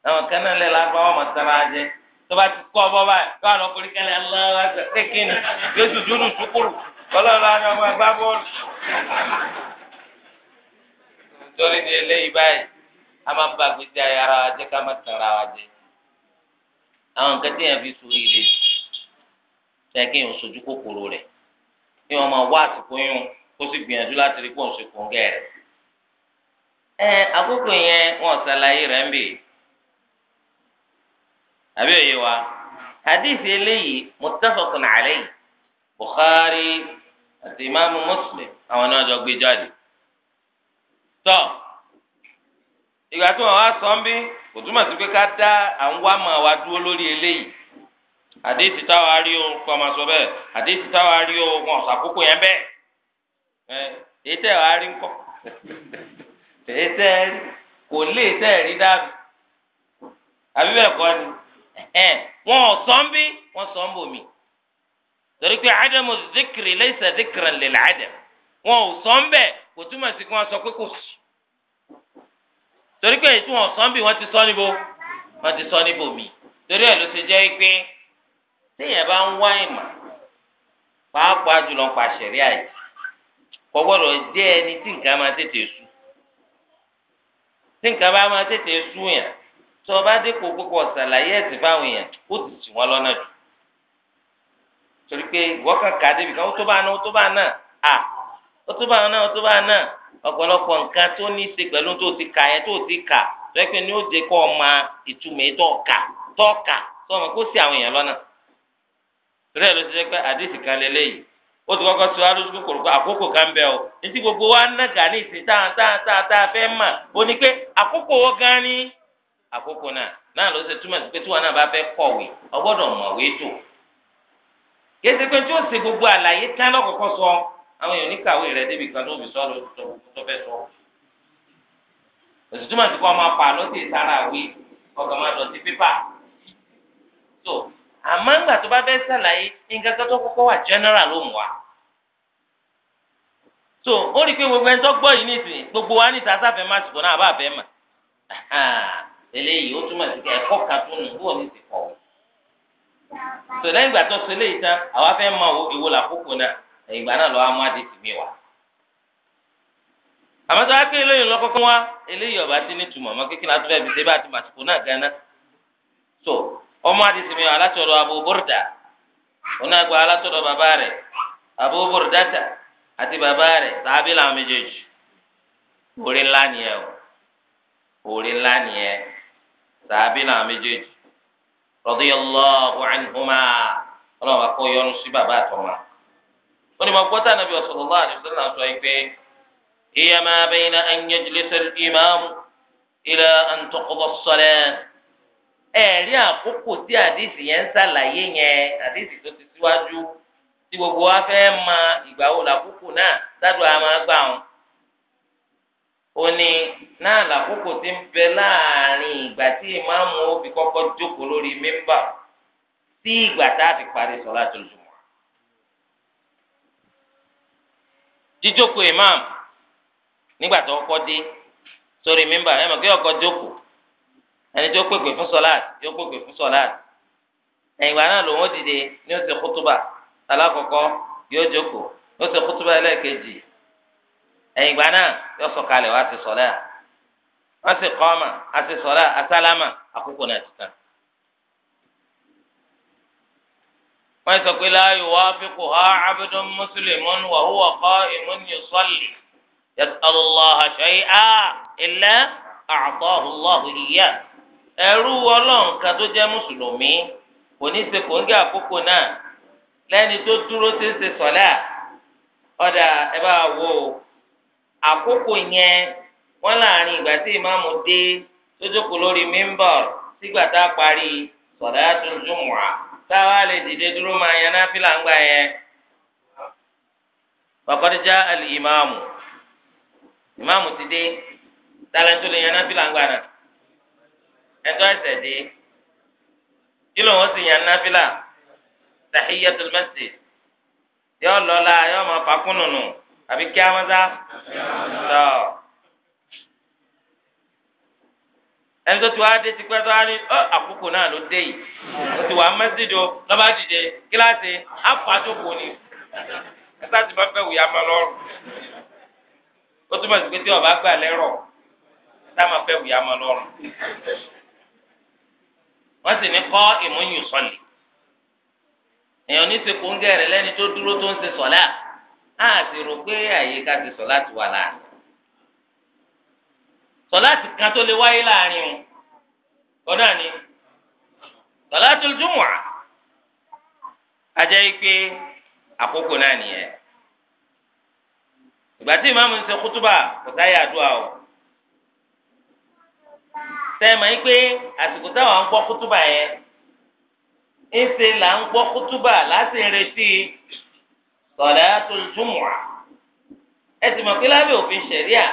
àwọn kan náà lè lágbá wọn mọ̀sára jẹ tó bá ti kọ́ ọbọ̀ báyìí yóò lọ borí kẹlẹ́ aláwọ̀ kékeré yóò tún dúró tukuru ọlọ́run àwọn ọmọ ẹgbẹ́ bọ́ọ̀lù. nítorí ní eléyìí báyìí a máa ń ba gbèsè ayára wa jẹ ká má tẹ̀ra wa jẹ àwọn nǹkan yẹn fi sùúrù ilé yìí. ṣe kí n sojú kòkòrò rẹ̀ kí wọ́n máa wá àsìkò yún kó sì gbìyànjú láti rí pọ̀n ṣùkò ń ẹ àkókò yẹn wọn ṣàlàyé rẹ̀ ń bè àbí òye wa hadith eléyìí muttafaqun alayhi Bukhari àti imaamu Muslim àwọn náà jọ gbé jáde sọ bí kò túmọ̀ sí pé ká dá àwọn wá máa wá dúró lórí àdéhìtì táwa rí o kọ́ máa sọ bẹ́ẹ̀ àdéhìtì táwa rí o wọn ṣàkókò yẹn bẹ́ẹ̀ ẹ èyí tẹ́ wàá rí ńkọ́ èyí tẹ́ ẹ rí kò lè tẹ́ ẹ rí dábì àbí bẹ́ẹ̀ kọ́ ni ẹ wọn ò sọ ń bí wọn sọ ń bòmí torí pé ádámù zikiri laysa zikran lil ádám wọn ò sọ ń bẹ̀ kò túmọ̀ sí kí wọ́n sọ pé kò sí torí pé èyí tí wọn ò sọ ń bí wọ́n ti sọ níbo wọ́n ti sọ níbo mi torí ẹ̀ ló ṣe jẹ́ pé téèyàn bá ń wá ìmọ̀ pàápàá jùlọ ń pa ṣẹ̀rí àyè kò gbọ́dọ̀ jẹ́ ẹni tí nǹkan máa tètè sú tí nǹkan bá máa tètè sú yàn tó o bá dépò púpọ̀ ṣàlàyé ẹ̀sìn fáwọn èèyàn ó ti tì wọ́n lọ́nà jù torí pé ìwọ́ kàkà débi kan ó tó bá náà ó tó bá náà à ó tó bá náà ó tó bá náà ọ̀pọ̀lọpọ̀ nǹkan tó ní í ṣe pẹ̀lú tó ti kà yẹn tó ti kà lẹ́pẹ́ ni ó jẹ́ kó o máa ìtumọ̀ tó kà tó kà tó o mọ̀ kó sí àwọn èèyàn lọ́nà torí ẹ ló ti jẹ́ pé àdìsí kan lélẹ́yìí ó ti kọ́kọ́ sọ alójú kòkòrò pé àkókò kan bẹ o etí gbogbo wa ń nàgà ní ìsìn tá tá tá tá fẹ́ mà ó ní pé àkókò wo gan ni àkókò náà náà ló ṣe túmọ̀ sí pé tí wọn náà bá fẹ́ kọ̀wé ọgbọ́dọ̀ mọ̀wé tó kéde pé tí ó ṣe gbogbo àlàyé tán lọ́kọ̀ọ́kọ́ sọ àwọn èèyàn níkàwé rẹ̀ débi kan tó fi sọ ló tó fẹ́ sọ òṣìṣẹ́ túmọ̀ sí kọ́ máa pa ló ti sára wí ọkọ̀ àmọ́ ńgbà tó bá fẹ́ sàlàyé nǹkan kan tó wà general ló wa. so ó rí i pé gbogbo ẹni tó gbọ́ yìí nìsín gbogbo wa ní ìtàsá fẹ́ máa ṣùgbọ́n náà bá fẹ́ mà. [laughs] eléyìí ó túmọ̀ sí ẹ̀kọ́ kan tó nù ní ti kọ̀ wọ́n. so lẹ́yìn ìgbà tó so eléyìí tán àwa fẹ́ mọ ìwo làkókò náà ìgbà náà lọ́wọ́ àdìsí mi wá. ọmọ àdìsí mi ala Abu abuburda. Ona alátọ̀rọ̀ ala rẹ̀ Abu Burdata àti bàbá rẹ̀ sàábì làwọn méjèèjì orí ńlá nìyẹn o radiyallahu anhuma ọlọ́run akọ si sí bàbá àtọmọ onímọ̀ gbọ́tà nàbí sallallahu alaihi wasallam sọ pé hiya ma bayna na yajlisa al-imam ila ẹ̀rí àkókò tí àdìsí yẹn ń ṣàlàyé yẹn àdìsí tó ti síwájú tí gbogbo wa fẹ́ mọ ìgbà wo làkókò náà sádùn a máa gbà wọn. ó ní náà làkókò ti ń bẹ láàrin ìgbà tí ìmáàmù ó fi kọ́kọ́ jókòó lórí mímbà sí ìgbà tá a fi parí sọ̀látul jumu'ah. jíjókòó ìmáàmù nígbà tó kọ́kọ́ dé sórí mímbà ẹ̀ mọ̀ kí ọkọ̀ jókòó. ẹni tó pèpè fún sọláàt yóò pèpè fún sọláàt ẹ̀yìn ìgbà náà lòun ó dìde ní ó alákọ̀ọ́kọ́ yóò jókòó ó ṣe kútúbà ẹlẹ́ẹ̀kejì ẹ̀yìn ìgbà náà yóò sọ̀kalẹ̀ wá sí sọláà wọ́n sì kọ́ ọ́mà sọláà àkókò náà ti tán. wọ́n sọ pé la ẹrú ọlọ́run kan tó jẹ́ mùsùlùmí kò ní ṣe kòńgé àkókò náà lẹ́ni tó dúró tí ń ṣe sọ̀lá ọ̀dà ẹ bá wò ó àkókò yẹn wọ́n láàrin ìgbà tí ìmáàmù dé tó jókòó lórí mímbọ̀r sígbà tá a parí sọ̀lá tó jùmùà táwa lè dìde dúró máa yan náfìlà ti dé tálẹ́ńtò lè ẹtọ ẹsẹ dé kí ló ń sì yàn náfìlà tahiyatul masjid yọ lọla yọ máa fàákùn nùnù àbí kí a máa sá tọ ẹni tó ti wá dé tipẹ́ tó wá ní ọ àkókò náà ló dé yìí ó ti wá masjid o lọ́ba dìde kíláàsì àfàtòkò ni ẹ̀sà ti bá fẹ́ wù yà máa lọ́rùn ó túmọ̀ sí pé tí ọba gbà lẹ́rọ̀ ẹ̀sà máa fẹ́ wù yà máa lọ́rùn wọ́n sì ní kọ́ ìmúyùn sọ̀lì èèyàn ní ṣe kó ń gẹ̀rẹ̀ lẹ́ni tó dúró tó ń ṣe sọ̀lá á sì rò pé àyíká ti sọ̀lá ti wà láàrin sọ̀lá ti kan tó lè wáyé láàrin o kọ́dà ni sọ̀lá tó dùn wà á jẹ́ pé àkókò náà nìyẹn ìgbà tí ìmáàmù ń ṣe kútúbà kò sáyà àdúrà o sẹ́yìn máa ń pé àsìkò táwọn ń gbọ́ kútúbà yẹn ń ṣe là ń gbọ́ kútúbà láti retí salatul jumu'a ẹ ti mọ̀ pé lábẹ́ òfin ṣẹ̀ríà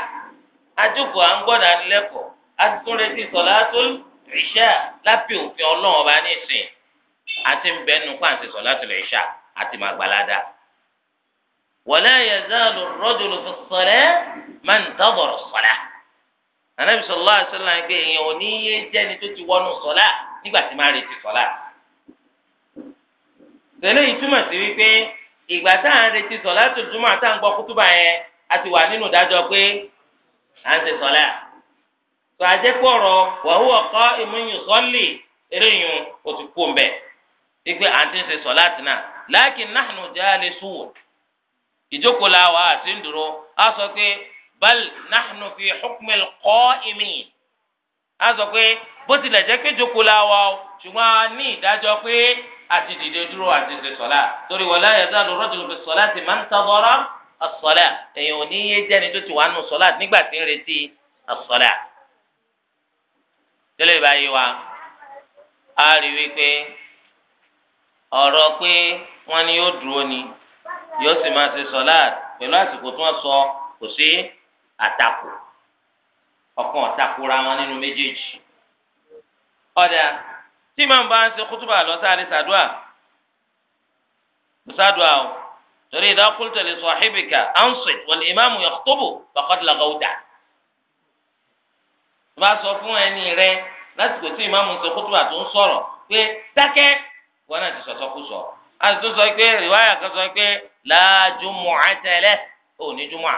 ajókòó à ń gbọ́dọ̀ ànilẹ́kọ̀ọ́ a ti tún retí salatul isha lábẹ́ òfin ọlọ́run ọba nísìn àti ń bẹnu pàǹtí salatul isha àti màgbàládà. wala yazalu ar-rajulu fi as-salati man tadara as-salata. anabi sọlá àṣẹlá yìí pé èèyàn ò ní yé jẹni tó ti wọnú sọlá nígbà tí máa retí sọlá tẹlẹ yìí sí wípé ìgbà tá à ń retí sọlá tó jùmọ̀ àtà ń gbọ́ yẹn a ti wà nínú ìdájọ́ pé à ń sọlá tó wàhú ọ̀kọ́ eréyìn wípé à ń ti sọlá bal nahnu fi hukmi al-qa'imin a sọ pé bó tilẹ̀ jẹ́ pé jókòó la wa o ṣùgbọ́n a ní ìdájọ́ pé àti dìde dúró àti ṣe sọ́lá torí wala yazalu rajulu bis salati man intadhara as-salah èèyàn ò ní yé jẹ́ni tó ti wà nù sọ́lá nígbà tí ń retí as-salah. tẹ́lẹ̀ báyìí wa a rí wípé ọ̀rọ̀ pé wọ́n ní yóò dúró ni yóò sì máa ṣe sọ́lá pẹ̀lú àsìkò tí wọ́n sọ kò sí àtakò ọ̀kan ọ̀takora wọn nínú méjèèjì ọ̀dà tí màá bá ń ṣe kútùbà lọ́sàárì sàdúà sàdúà o torí idha qulta li sahibika ansit wal imamu yakhtubu faqad laghawta tó bá sọ fún ẹni rẹ lásìkò tí ìmáàmù ń ṣe kútùbà tó ń sọ̀rọ̀ pé dákẹ́ wọn náà ti sọ̀sọ́kùsọ̀ àti tó sọ pé rìwáyà kan sọ pé la jumu'ata lahu òní jumu'a.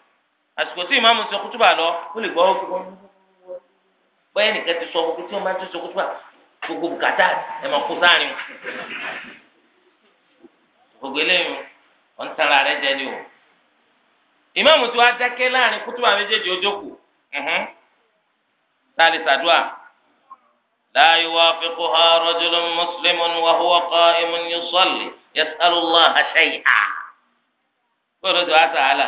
àsìkò tí ìmáàmù sọ kútúbà lọ ó lè gbọ́ bóyá nìkan ti sọ kókó tí wọ́n bá ti sọ kútúbà gbogbo bùkátà ẹ̀ máa kó sáárín gbogbo eléyìí wọn tara rẹ̀ jẹ ni o ìmáàmù tí wàá dákẹ́ láàrin kútúbà méjèèjì ó jókòó tá a lè ṣàdúà. لا يوافقها رجل مسلم وهو قائم يصلي يسأل الله شيئا ورد تعالى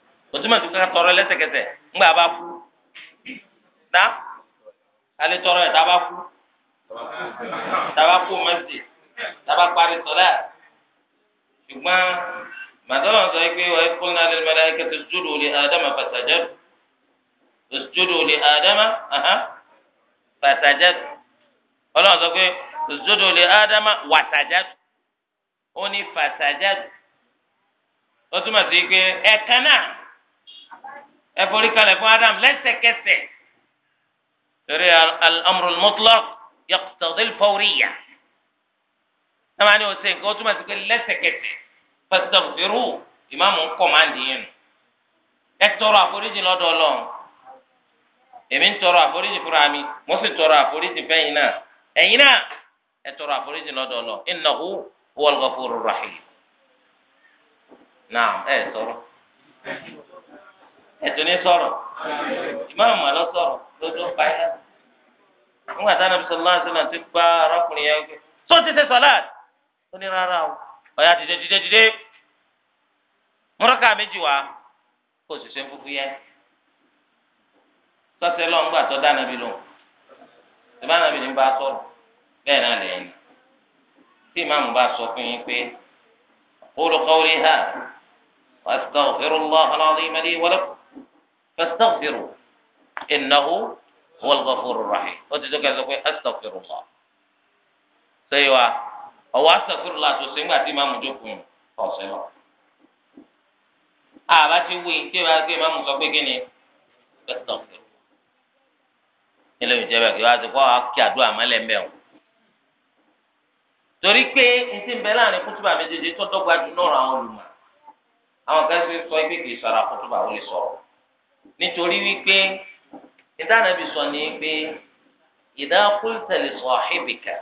òtúmọ̀ tó ká tọrọ lẹ́sẹ̀kẹsẹ̀ ńgbà bá kú dá alẹ́ tọrọ ẹ̀ tá bá kú tá bá kú mẹ́sì tá bá parí sọ́lá ṣùgbọ́n màdọ́nà sọ pé wọ́n fún náà lẹ́nu mẹ́ta ẹ̀kẹ́ tó sùdúró lé ádámà fàtàjẹ́rù tó sùdúró lé ádámà fàtàjẹ́rù ọlọ́run sọ pé tó sùdúró lé ádámà wàtàjẹ́rù ó ní fàtàjẹ́rù ó túmọ̀ sí pé ẹ̀ka náà. ẹ forí kalẹ̀ fún Adam lẹ́sẹ̀kẹsẹ̀ torí al-amrul mutlaq yaqtadi al-fawriyya sábà ní ọ̀sẹ̀ nǹkan ó túmọ̀ sí pé lẹ́sẹ̀kẹsẹ̀ fastaghfiru ìmáàmù ń kọ̀ máa ń dìyẹn nù ẹ tọrọ àforíjì lọ́dọ̀ Ọlọ́run èmi ń tọrọ àforíjì fúnra mi mo sì tọrọ àforíjì fẹ́yìn náà ẹ̀yin náà ẹ tọrọ àforíjì lọ́dọ̀ Ọlọ́run innahu huwal ghafurur rahim náà ẹ tọrọ. ẹ̀tún ní sọ̀rọ̀ ìmáàmù àlọ́ sọ̀rọ̀ tó tó pa iná. nígbà táwọn ẹbí sọlá ti gba arákùnrin yẹn gbé tó ti ṣe sọlá ó ní rárá o ya dìde dìde dìde mọ́rọ́kà méjì wá kó sì ṣe fúfú yẹn sọ́sẹ̀ lọ́n gbà tó dáná bí bá náà tí sọ fún yín pé fastaghfiru innahu huwal ghafurur rahim ó ti tó ká sọ pé astaghfirullah sẹ́yìn wa ọ̀wọ́ astaghfirullah tó sẹ́yìn gbàtí máa mú jókòó ọ̀sẹ̀ lọ. àbá ti wí tí ìbá gbé máa mú sọ pé kí ni astaghfirullah nílẹ̀ ìjẹ́ bẹ́ẹ̀ kí wọ́n á ti kọ́ kí àdúrà mọ́lẹ̀ mbẹ́ o. torí pé ntí ń láàrin kútùbà méjèèjì tó dọ́gba jù náà àwọn olùmọ̀ àwọn kan ṣe sọ pé kì í sọ̀rọ̀ àkútùbà ó lè sọ̀rọ̀ nítorí wípé ìdánabi sọ ni pé ìdá qulta li sahibika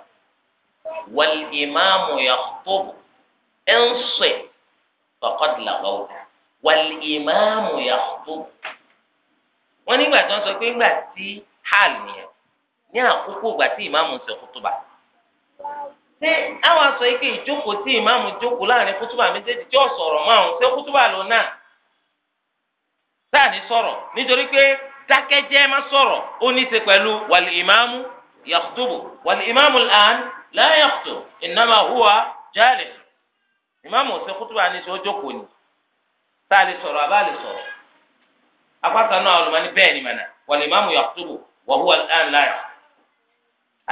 wal imamu yakhtubu anṣit faqad laghawta wal imamu yakhtubu wọn nígbà tó ń sọ pé ńgbà tí hàl nìyẹn ní àkókò ìgbà tí ìmáàmù ń ṣe kútùbà ṣé àwọn aṣọ ike ìjókòó tí ìmáàmù jókòó láàrin kútùbà méjèèjì tí ó sọ̀rọ̀ mọ́ àwọn ṣé kútùbà ló náà sáàní sọ̀rọ̀ nítorí pé dákẹ́jẹ́ má sọ̀rọ̀ ó ní í ṣe pẹ̀lú wàlí ìmáàmù yakhtubu wàlí ìmáàmù al-an la yakhtubu innama huwa jalis ìmáàmù ọ̀sẹ̀ kútùbà ní sọ jókòó ni sáàlì sọ̀rọ̀ àbáàlì sọ̀rọ̀ apáta náà olùmọ̀ọ́ni bẹ́ẹ̀ ni mọ̀nà wàlí ìmáàmù yakhtubu wa huwa al-an la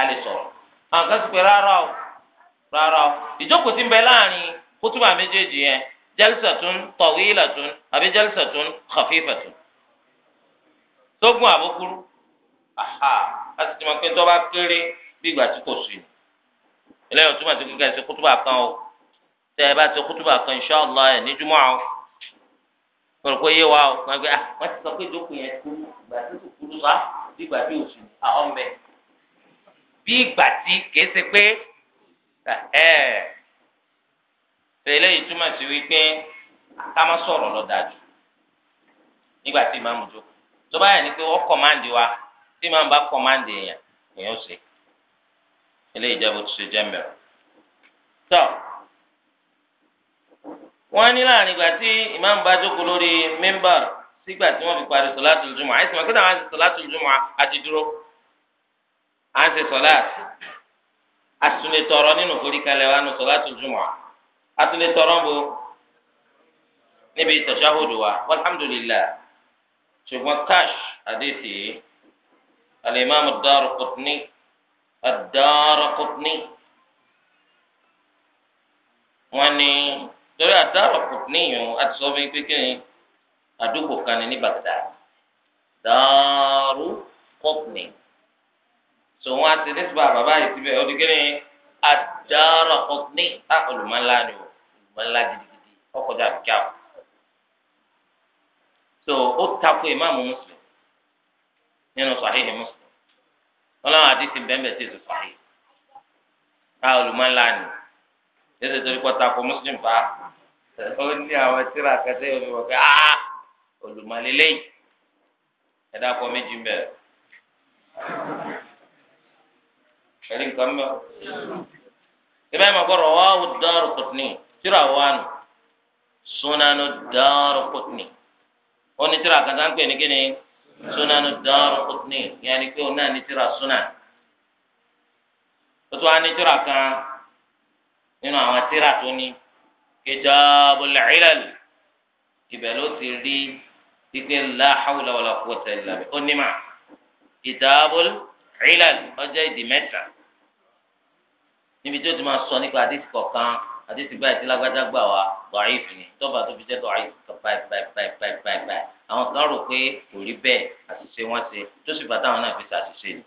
àlè sọ̀rọ̀ àwọn kan ti pè rárá o rárá o ìjókòó ti bẹ láàrin kútùbà méjèèjì yẹn jẹ́lísàtún tọ̀wílàtún àbí jẹ́lísàtún kọ̀fífàtún. sógun àbókúrú aha láti ti mọ pé tó bá kéré bí ìgbà tí kò sí i. eléyìí túmọ̀ sí kíkà sí kútùbà kan o tẹ ẹ bá ti kútùbà kan insha Allah ẹ̀ ní júmọ́ o. mo rò pé yé wa o wọn gbé ah wọn ti sọ pé ìjókòó yẹn kú ìgbà tí kò kúrú wá bí ìgbà tí òsì àwọn mẹ bí ìgbà tí kèé ṣe pé ẹ tẹ̀lé yìí túmọ̀ sí wípé ká má sọ̀rọ̀ lọ dájú nígbà tí ìmáàmù jókòó tó bá ni pé wọ́n kọ̀máǹdì wa tí ìmáàmù bá kọ̀máǹdì èèyàn èèyàn ó ṣe ilé ìjẹ́bù tó ṣe jẹ́ mẹ́rọ. tọ́ wọ́n ní láàrin ìgbà tí ìmáàmù bá jókòó lórí mímbàr sígbà tí wọ́n fi parí sọ̀láàtù jùmọ̀ àìsàn wọn kí táwọn á ṣe sọ̀láàtù jùmọ̀ àti dúró à ń ṣe sọ̀láàtù àtúnlẹ̀ tọ̀rọ̀ nínú foríkalẹ̀ wa nù sọ̀láàtù jùmọ̀ atúlẹ̀ tọrọ́bù níbi tàṣàhùdù wa alhamdulilayi ṣùgbọ́n cash àdìsí alimami Daraqutni ad-Daraqutni wọn ni torí ad-Daraqutni yìí a ti sọ fún yín pé kéwìn àdúgbò kan ní ní Baghdad Daraqutni so wọn ti nísìbà bàbá yìí síbẹ̀ ó di kéwìn ad-Daraqutni a ah, olùmọ̀lá ni o ìmọ̀ ńlá gidigidi ọkọjá àbíkí àbọ̀ so ó takò ìmáàmù mùsùlùm nínú sàhíhì mùsùlùm wọn làwọn àdìsí bẹ́ẹ̀ ti sùn sàhíhì ká olùmọ̀ńlá ni yẹ́sẹ̀ torí pọ̀ takò mùsùlùm fa ó ní àwọn tíra kẹsẹ́ yóò fi wọ́n pé áá ah, olùmọ̀lélẹ́yìn ẹ̀dá kọ́ méjì ń bẹ̀rẹ̀ ẹ̀rí nǹkan mọ́ ẹ bá yẹ mọ̀ gbọ́dọ̀ wá ó dọ́rù kùtùnì tíra wánu sunanu Daraqutni ó ní tíra kan sáńpẹ ní kíni sunanu Daraqutni yẹn ni pé ó náà ní tíra sunan ó tún á ní tíra kan nínú àwọn tíra tó ní Kitabul Ilal ibẹ̀ ló ti rí pípé la hawla wala quwwata illa billah ó ní mà Kitabul Ilal ọjọ́ níbi tó ti máa sọ nípa àdìsí kọ̀ọ̀kan àdìsí gba ìtí lágbájá gbà wá da'if ni tọ́ba tó fi jẹ́ da'if tó báyìí báyìí báyìí báyìí báyìí báyìí àwọn kan rò pé kò rí bẹ́ẹ̀ àṣìṣe wọn ṣe tó sì bàtà wọn náà fi ṣàṣìṣe ni.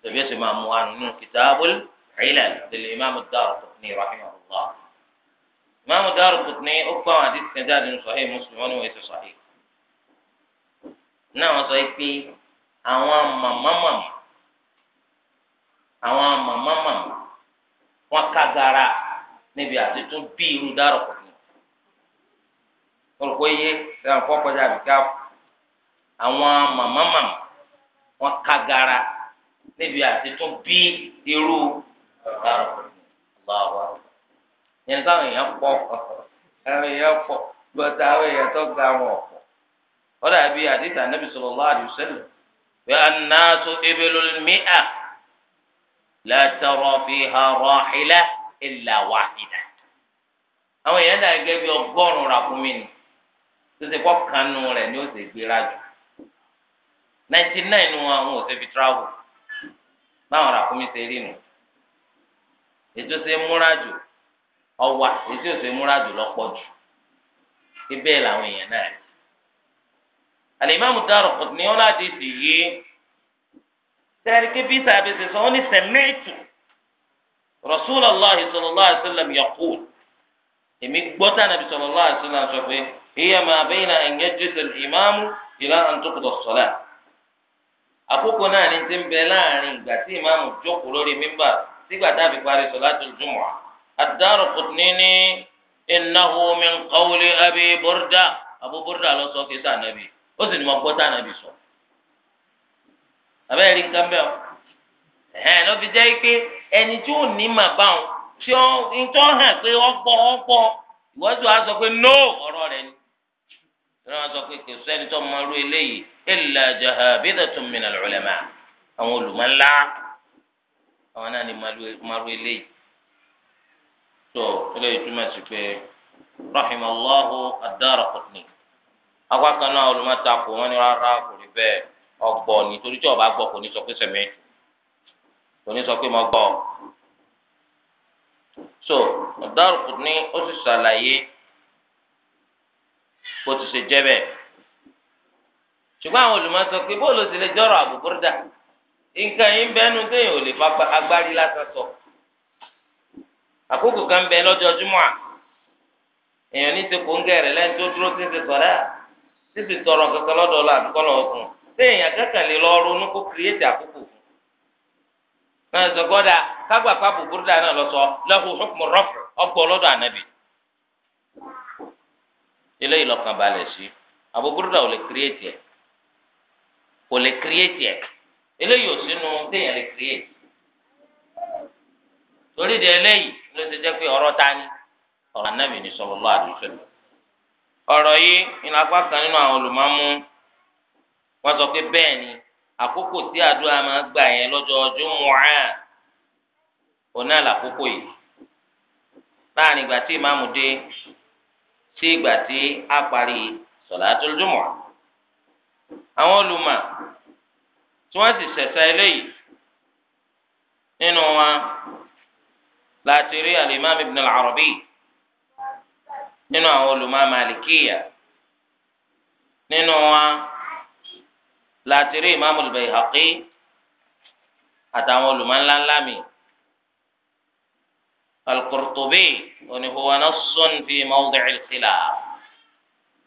tẹ̀bí ẹ̀sìn máa mú wa nínú kitabul ilal lil imam ad-Daraqutni rahimahullah. imam ad-Daraqutni ó gbọ́ àwọn àdìsí kan jáde ní sahih Muslim wọn ni wọ́n ti sahih. náà wọ́n sọ pé àwọn màmá màmá àwọn màmá màmá wọn kagara níbi àti tún bí irú dárò kò ní. olùkọ́ iye sẹ́wọ̀n fọ́kọ́jà àbíká àwọn màmá wọn kagara níbi àti bí irú dárò kò ní. yẹn táwọn èèyàn pọ̀ àwọn èèyàn pọ̀ gbọ́dọ̀ àwọn èèyàn tó ga wọn ọ̀pọ̀. ó dàbí la tara fiha rahila illa wahida. àwọn èèyàn dàgbé gẹ́gẹ́ bí ọgọ́rùn-ún ràkúnmí ni tó ṣe kọ́ kanú rẹ̀ ni ó ṣe gbéra jù ninety nine wọn àwọn ò ṣe fi travel báwọn ràkúnmí ṣe rí nu ètò ṣe múra ọwà ètò ṣe múra lọ́pọ̀ jù ibẹ̀ làwọn èèyàn náà rí. Al-Imam Daraqutni wọn láti sì yé. ذلك في ثابت سوني سمعت رسول الله صلى الله عليه وسلم يقول إمي قوتا نبي صلى الله عليه وسلم شوفي هي ما بين أن يجلس الإمام إلى أن تقضى الصلاة أقوك نال إن تنبلاني قاتي إمام جوك لوري منبا سيقا تابي قاري صلاة الجمعة الدار قطنيني إنه من قول أبي بردة أبو بردة لو صوكي تا نبي وزن ما قوتا نبي صوكي abẹ́rẹ́ rí nǹkan bẹ́ẹ̀ o ẹ̀hẹ́n ló fi jẹ́ pé ẹni tí ò ní mà bá wọn tí ó ń tọ́ hàn pé no ọ̀rọ̀ rẹ ni ìwọ́jú wa sọ pé kò illa àwọn olùmọ̀lá àwọn náà ni eléyìí tó eléyìí túmọ̀ sí pé olùmọ̀ta kò wọ́n ní rárá kò rí bẹ́ẹ̀. ọgbọ nítorí tí ọba gbọ́ kò ní sọ pé sẹmẹ kò ní sọ so ọdarùkù ní ó sì ṣàlàyé bó ti ṣe jẹ́ bẹ́ẹ̀ ṣùgbọ́n àwọn olùmọ̀sọ pé ti lè jọrọ àbùkúrúdà nǹkan yìí bẹnu téèyàn ò lè fa agbárí lásán sọ àkókò kan bẹ à èèyàn ní ti títí tọrọ kankan àdúgbò téèyàn kankan lè lọ ronú kó kírètì àkókò fún náà zọgọdà kágbà pápù búrúdà náà lọ sọ lọhùn hukmu rọfù ọgbọ lọ́dọ̀ ànábì eléyìí lọkàn balẹ̀ sí àbò búrúdà ò lè kírètì ẹ kò lè ẹ eléyìí ò sínú téèyàn lè torí de eléyìí ló ti pé ta ni ànábì ni yìí wọ́n sọ pé bẹ́ẹ̀ ni àkókò tí àdúrà máa gbà yẹn lọ́jọ́ jumu'a ọ̀nà làkókò yìí láàrin ìgbà tí ìmáàmù dé sí ìgbà tí a parí salatul jumu'a àwọn olùmọ̀ tí wọ́n ti ṣẹ̀ṣẹ̀ eléyìí nínú wọn láti rí al-Imam al-Arabi nínú àwọn olùmọ̀ Malikiya nínú wọn láti rí Imamul Bayhaqi àtàwọn olùmọ̀ńláńlá mi Al-Qurtubi oní huwa nassun fi mawdi'il khilaf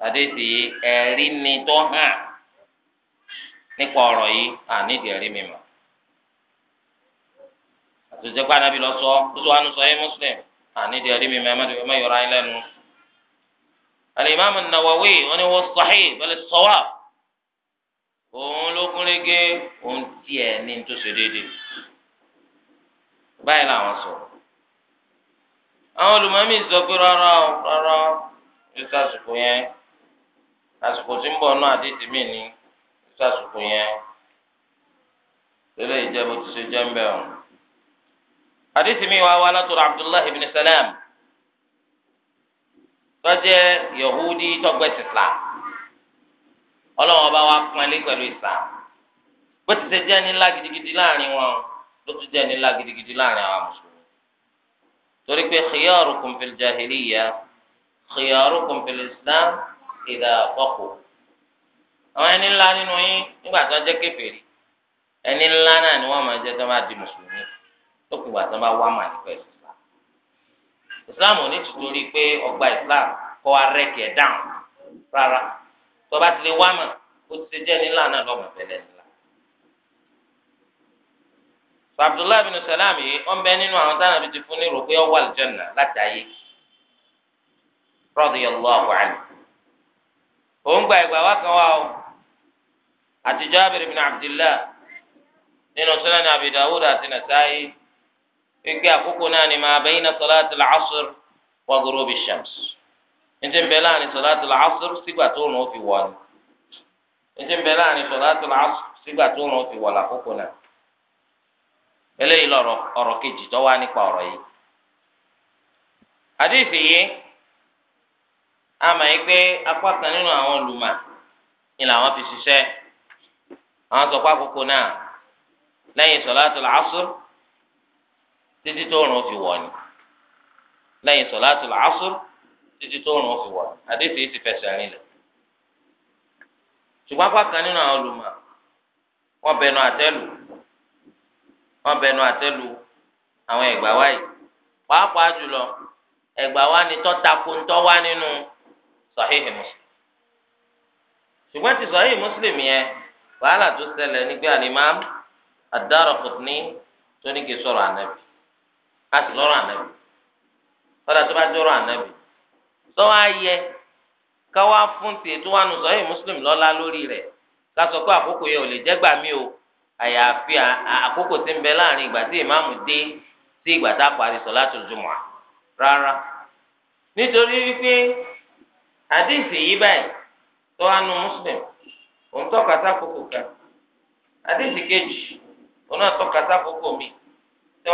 àdéhìí ẹ̀rí ni tó hàn nípa ọ̀rọ̀ yìí ànídìí ẹ̀rí mi mọ̀ àtúnṣe pé anábì lọ sọ kóso wa nù sọ yé muslim ànídìí ẹ̀rí mi mọ̀ ẹ̀ má yọra ẹ̀ lẹ́nu. al nawawi oní huwa as-sahih òun ló kún régé òun tiẹ̀ ní tó ṣe déédéé báyìí làwọn sọ àwọn olùmọ̀mí sọ pé rárá o rárá o yóò sàṣùkò yẹn àsìkò tí ń bọ̀ náà àdìtì mí ni yóò sàṣùkò yẹn lórí ìjẹ́bù tó ṣe jẹ́ ń bẹ̀ ọ́n. àdìtì mí wá wá látọ̀rọ̀ abdullahi ibn salam tọ́jẹ́ yahudi tọ́gbẹ́sì islam ọlọ́run ọba wa pọ́nlé pẹ̀lú islam bó ti ṣe jẹ́ nílá gidigidi láàrin wọn ló tún jẹ́ nílá gidigidi láàrin àwọn mùsùlùmí torí pé khiyarukum fil jahiliya khiyarukum fil islam ìdá fọ́kù àwọn ẹni ńlá nínú yín nígbà tó ń jẹ́ kèfèrí ẹni ńlá náà ni wọ́n máa jẹ́ tó máa di mùsùlùmí tó kù gbà tó máa wá màá nípa ẹ̀sìn islam ò ní tìtorí pé ọgbà islam kọ́ arẹ́kẹ̀ẹ́ dáhùn rárá tọba ti lè wá mà ó ti ṣe jẹ́ nílà náà lọ́mọ bẹ́lẹ̀ nílà. Abdullahi bin Salam yìí ó ń bẹ nínú àwọn táwọn àbí ti fún ní rògbé ọwọ́ àlùjọ́nà látàyè radiyallahu anhu. òun gba ìgbà wá kan wá o àti Jabir bin Abdullah nínú Sunan Abi àti Nasa'i wípé àkókò náà ni ma bayna salati al-asr wa ghurubi shams. ntí ń bẹ láàrin sọláàtì làásùrù sígbà tó rùn ó fi wọ̀ ni ntí ń bẹ láàrin sọláàtì làásùrù sígbà tó rùn ó fi wọ̀ làkókò náà eléyìí lọ̀rọ̀ ọ̀rọ̀ kejì tó wá nípa ọ̀rọ̀ yìí àdéhìí yìí àmà yìí pé apá kan nínú àwọn olùmọ̀ ni làwọn fi ṣiṣẹ́ àwọn sọ títí tó rùn fi wà àdéhùn ti fẹsẹ̀ rìn lẹ̀. ṣùgbọ́n apá kan nínú àwọn olùmọ̀ wọ́n bẹnu àtẹ́lù wọ́n bẹnu àtẹ́lù àwọn ẹ̀gbà wáyé pàápàá jùlọ ẹ̀gbà wá ni tọ́ tako ńtọ́ wá nínú sàhíhì mùsùlùmí. ṣùgbọ́n ti mùsùlùmí yẹn wàhálà tó ṣẹlẹ̀ Al-Imam ad a sì lọ́rọ̀ ànábì tó bá sọ́wọ́ ayẹ káwá fún tiẹ̀ wà nù muslim lọ́la lórí rẹ̀ ká sọ pé àkókò yẹn ò lè mí o àyàfi àkókò ti ń bẹ láàrin ìgbà tí ìmáàmù dé sí ìgbà tá a parí rárá nítorí wípé àdéhìsì muslim òun tọ́ka sákòókò kan àdéhìsì kejì òun náà tọ́ka sákòókò mi tí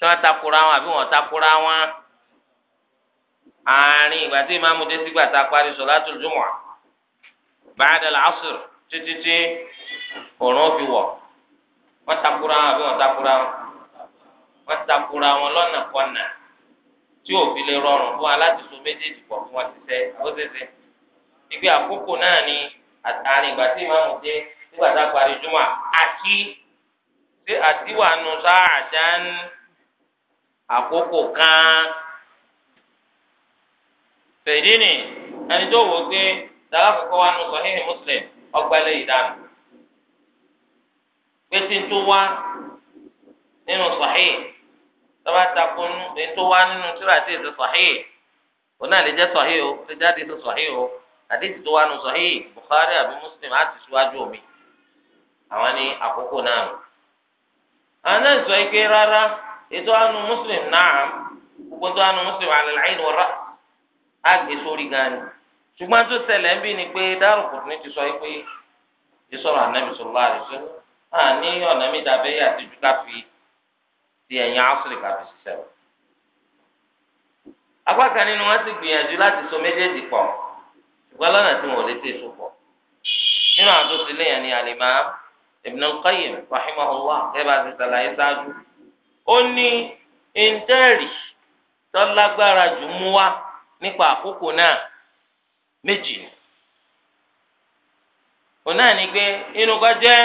tí wọ́n takora wọn àbí wọ́n takora wọn àárín ìgbà tí ìmáàmù dé sígbà tá a parí solatul jumu'a ba'da al-asr títí tí òòrùn fi wọ̀ wọ́n takora wọn àbí wọ́n takora wọn wọ́n takora wọn lọ́nà kọ́nà tí òfin lè rọrùn fún wa láti so méjèèjì pọ̀ fún wọn ti sẹ́ ó ṣeéṣe ìgbé àkókò náà ni àárín ìgbà tí ìmáàmù dé nígbà tá a parí jumu'a àti àtiwánu sáà àjàn. àkókò kan fèdí ni ẹni tó wò ó pé dàlákòókò wa nù sọhíhì Muslim ọgbẹlẹ ìdánù pété tó wá nínú sọhíhì tọ́ba takò tó wá nínú tíra àti ètò sọhíhì òun náà lè jẹ́ sọhíhì o lè jáde o tó wá nù Bukhari àbí Muslim á ti síwájú omi àwọn àkókò náà ètò àánú muslim náà gbogbo tó muslim a wọ̀rọ̀ àgbè sórí gani ni ṣùgbọ́n tó ṣẹlẹ̀ ń bí ni pé Daaru Qutni ti sọ pé ìsọ̀rọ̀ ànábì sallallahu alaihi wasallam àní ọ̀nà mi dàbẹ́ yà ti fi ti ẹ̀yìn e áfíríkà fi ṣiṣẹ́ o. apá kan nínú wọn ti gbìyànjú láti so méjèèjì pọ̀ ṣùgbọ́n lọ́nà tí wọn ò lè tẹ̀ so pọ̀ nínú ti léyìn ni al-Imam Ibn al ti ó ní ìńtẹ́rì tó jù mú wá nípa àkókò náà méjì ni òun náà ni pé inú kan jẹ́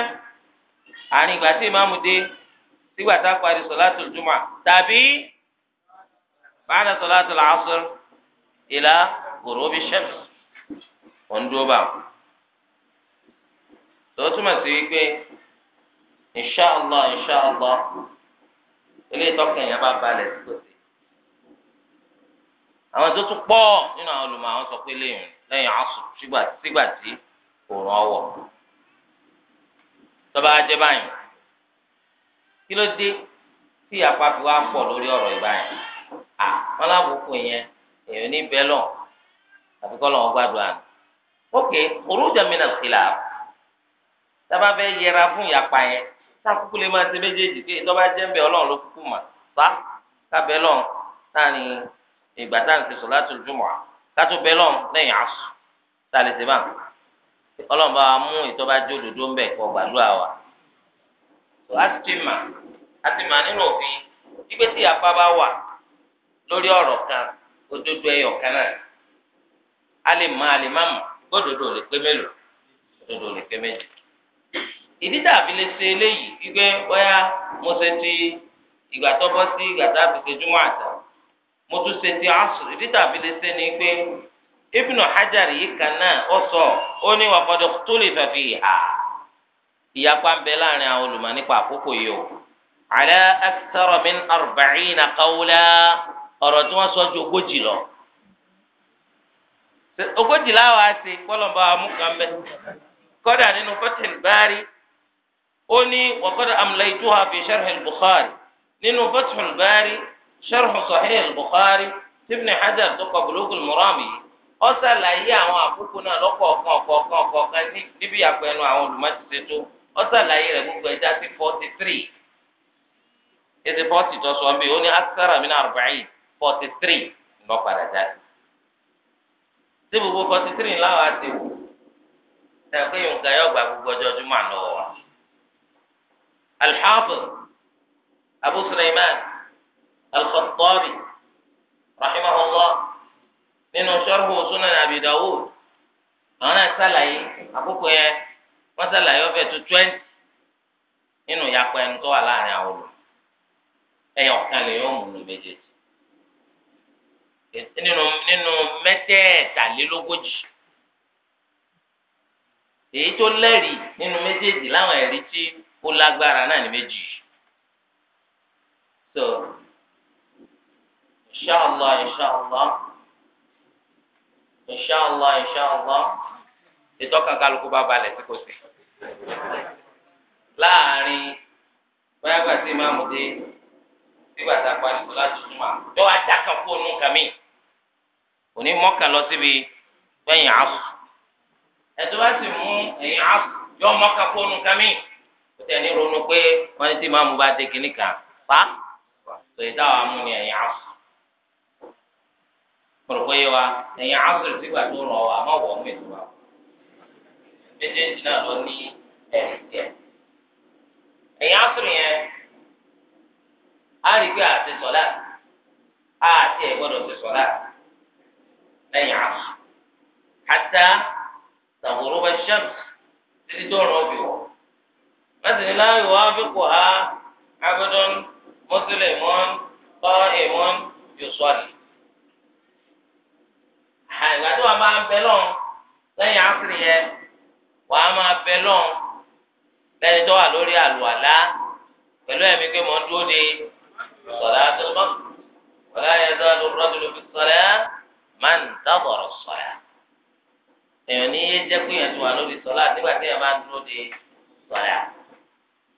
àárín ìgbà tí ìmáàmù dé sígbà tá a parí sọ̀látù jùmọ̀ tàbí bàdà sọ̀látù làásùr ìlà allah ṣẹ́ms òǹdóbà tó ilé ìtọ́kùn yẹn bá balẹ̀ sí gbèsè àwọn tó tún pọ̀ nínú àwọn olùmọ̀ àwọn sọ pé lẹ́yìn lẹ́yìn asù sígbà tí òòrùn ọwọ̀ tọ́ba jẹ́ báyìí kí ló dé tí apá fi wá pọ̀ lórí ọ̀rọ̀ ìbáyìí à wọn lábùkù yẹn èèyàn ní bẹ́lọ̀ àfi kọ́ lọ́wọ́ gbàdúrà ni ókè orújọ mi nà sílà tábà fẹ́ yẹra fún ìyapa yẹn sákúkú lè máa ṣe méjèèjì pé ìtọ́ bá jẹ́ ń bẹ ọlọ́run ló kúkú mà sá kábẹ́ lọ́n láàrin ìgbà tá à ń ṣe sọ láti ojúmọ́ kátó bẹ́ lọ́n lẹ́yìn àṣù tá a lè ṣe bá ọlọ́run bá wa mú ìtọ́ bá jó òdòdó ń bẹ̀ kọ́ gbàdúrà wa. láti ti mà àti mà nínú òfin wípé tí apá bá wà lórí ọ̀rọ̀ kan òdodo ẹyọ kan náà a lè má a lè má mọ̀ gbọ́dọ̀dọ̀ lè pé mélòó òdodo lè pé méjì ìdí tàbí lè ṣe eléyìí wípé bóyá mo ṣe ti ìgbà tó bọ́ sí ìgbà tá a fi ṣe júmọ́ àtà mo tún ṣe ti asùn ìdí tàbí lè ṣe ni pé Ibn Hajar yìí kan náà ó sọ ó ní wa qad ikhtalafa fiha ìyapa ń bẹ láàrin àwọn olùmọ̀ nípa àkókò yìí o ala akthara min arba'ina qawla ọ̀rọ̀ tí wọ́n sọ ju ogójì lọ ogójì láwa ṣe kọ́lọ̀ bá wa mú kan bẹ́ẹ̀ kọ́dà nínú Fathul Bari ó ní waqad amlaytuha fi sharh al-Bukhari nínú Fathul Bari sharh Sahih al-Bukhari Ibn Hajar tó kọ Bulughul ó ṣàlàyé àwọn àkókò náà lọ́kọ̀ọ̀kan ọ̀kọ̀ọ̀kan ọ̀kọ̀ọ̀kan níbi àpẹẹnu àwọn olùmọ̀tìṣe tó ó ṣàlàyé rẹ̀ gbogbo ẹja sí forty three ètò forty tó الحافظ أبو سليمان الخطابي رحمه الله nínú sọ́rùhù sunan abi dawud àwọn náà sàlàyé àkókò yẹn wọ́n sàlàyé ọ̀fẹ́ tó twenty nínú ìyapọ̀ ẹnu tó wà láàrin àwọn olùkọ́ ẹ̀yà ọ̀kan lè yọ̀ mú un ó lágbára náà ní méjì so inṣàlá inṣàlá inṣàlá inṣàlá ìtọ́kàn kálukú bá balẹ̀ sí kò sí láàrin báyà gbà sí máàmù dé sígbà tá a parí sọ láti túmọ̀ yọ ajá kan fóònù kàmí òní mọ́kàn lọ síbi lẹ́yìn asù ẹ̀tọ́ bá sì mú ẹ̀yìn asù yọ mọ́kàn fóònù kàmí. tẹni ronú pé wọn ti máa mú bá dé kínní kan pa tòyí ni ẹ̀yìn asù kọ̀rọ̀ pé wa ẹ̀yìn asù tó rọ̀ wá má wọ̀ ọ́mọ ètò wa méjèèjì náà lọ ní ẹ̀rí yẹn a rí pé àti àti ti sọ̀lá lẹ́yìn asù hatta bá títí tó láti ní láàyè wá fipò ha abudun mùsùlùmọ́n qa'imun yusalli. àìgbà tí wàá máa bẹ lọ́n lẹ́yìn àkùrì yẹn wàá máa bẹ lọ́n lẹ́yìn tó wà lórí àlùwàlá pẹ̀lú ẹ̀mí pé mò ń dúró de salatul maghrib wala yazalu ar-rajulu fi as-salati man intadhara as-salata èèyàn ní yé jẹ́ pé yẹn ti wà lórí sọlá nígbà tí yẹn máa ń dúró de sọlá.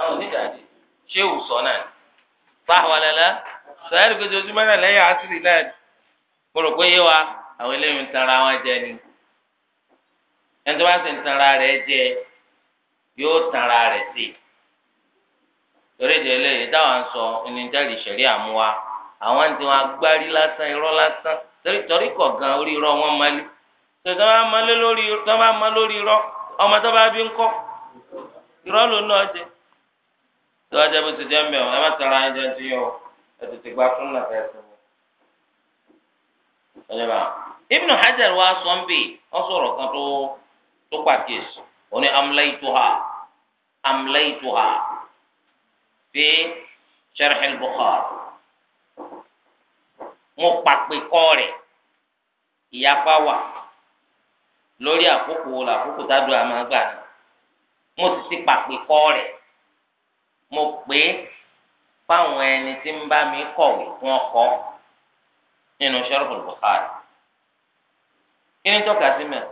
àwọn onídàájì ṣéwù sọ náà ni fáwọlẹ́lẹ́ sọ̀rọ̀ pé ojoojúmọ́ náà lẹ́yìn àtúrì náà ni mo rò pé yé wa àwọn eléyìí ń tanra wọn jẹ ni ẹni tó bá sì ń tanra rẹ̀ jẹ yóò tanra rẹ̀ sí torí ìdí eléyìí táwọn sọ onídàájì àmúwa àwọn tí wọn agbárí lásán irọ́ lásán torí kọ̀ gan orí irọ́ wọn mali bá lórí ọmọ tó bá bí ń kọ́ irọ́ ló ń tó wá jẹ́ bó ti jẹ́ ń bẹ̀ ọ́ ẹ má tara ẹ jẹ́ ti yọ ẹ tètè gba fún nàfẹ́ ẹ̀sìn. Ibn Hajar wa sọ ń bè ọ sọ̀rọ̀ kan tó tó pàkíyèsí ó ní amlaytuha amlaytuha fi sharh al-Bukhari mo pàpè kọ́ rẹ̀ ìyapa wà lórí àkókò làkókò tá a dùn àmọ́ mo sì ti pàpè kọ́ rẹ̀. mo pè é fáwọn ẹni tí ń bá mi kọ̀wé fún ọkọ nínú sharhul Bukhari kí ni tọ́ka sí mẹ́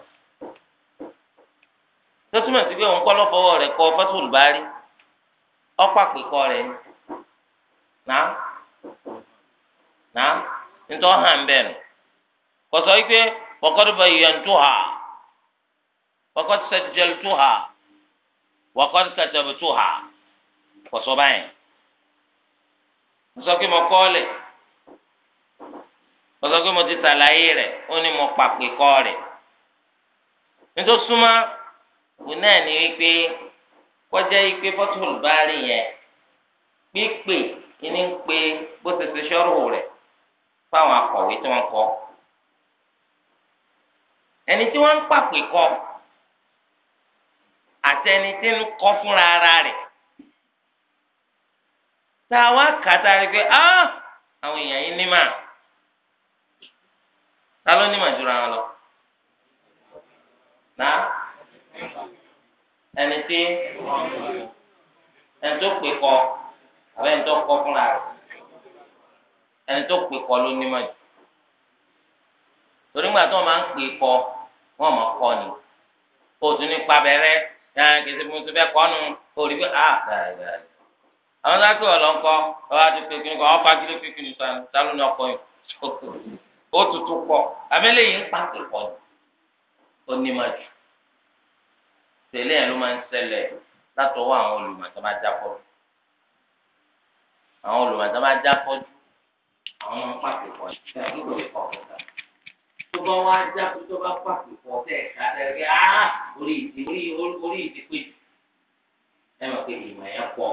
sí pé òun kọ́ lọ́fọwọ́ rẹ̀ kọ na Bari ọ́pàpẹ̀kọ rẹ̀ nà nà nítorí hàn bẹ́ẹ̀ nù yìí pé kọsọ báyìí sọ pé mo kọ́ lẹ̀ sọ pé mo ti ṣàlàyé rẹ̀ ó ní mo pàpè kọ́ rẹ̀ nítorí súnmọ́ kò náà ní wípé kọjá wípé fọ́tòlù bá rí yẹn pípè ní ń bó ti ṣe ṣọ́rù rẹ̀ fáwọn akọ̀wé tí wọ́n kọ́ ẹni tí wọ́n ń pàpè kọ́ àti ẹni tí ń kọ́ fúnra ara rẹ̀ tá a wá kà rí pé ah àwọn èèyàn yìí ní mà ta ló ní mà jura wọn lọ na ẹni tí ẹni tó pè kọ àbẹ ẹni tó kọ fúnra rẹ̀ ẹni tó pè kọ ló ní mà jù torí gbà tó máa ń pè kọ wọn mọ kọ ni o tún ní pabẹrẹ ẹ kìsìkìsì bẹ kọ nu o rí bí a dáadáa àwọn tó akéwà lọ ńkọ ọba ti pè kíni kọ ọba kíni pè kíni sọ sálọ ní ọkọ yìí ó tutù kọ àmẹlẹ yìí ń pa kíkọ ni ó ní ma jù tẹ́lẹ̀ yẹn ló máa ń ṣẹlẹ̀ látọwọ́ àwọn olùmọtò máa jápọ jù àwọn olùmọtò máa jápọ jù àwọn máa ń pa kíkọ ni ẹ ń lò kọ kọta tó bá wá jápọ pa kíkọ tẹ ẹka tẹ ẹ orí ìdí orí ìdí pé ẹ mọ̀ pé ìmọ̀ ẹ̀ pọ̀.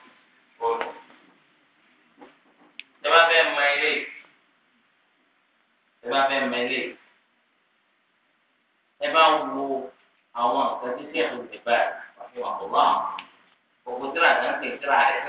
oorun tẹ́ bá fẹ́ mọ ilé tẹ́ bá fẹ́ mọ ilé ẹ bá ń wo àwọn nǹkan tí sẹ́ẹ̀kì ti bá ẹ̀ wọ́n fi wà pọ̀ bá àwọn òkú tíra kan kì í tíra rẹ̀.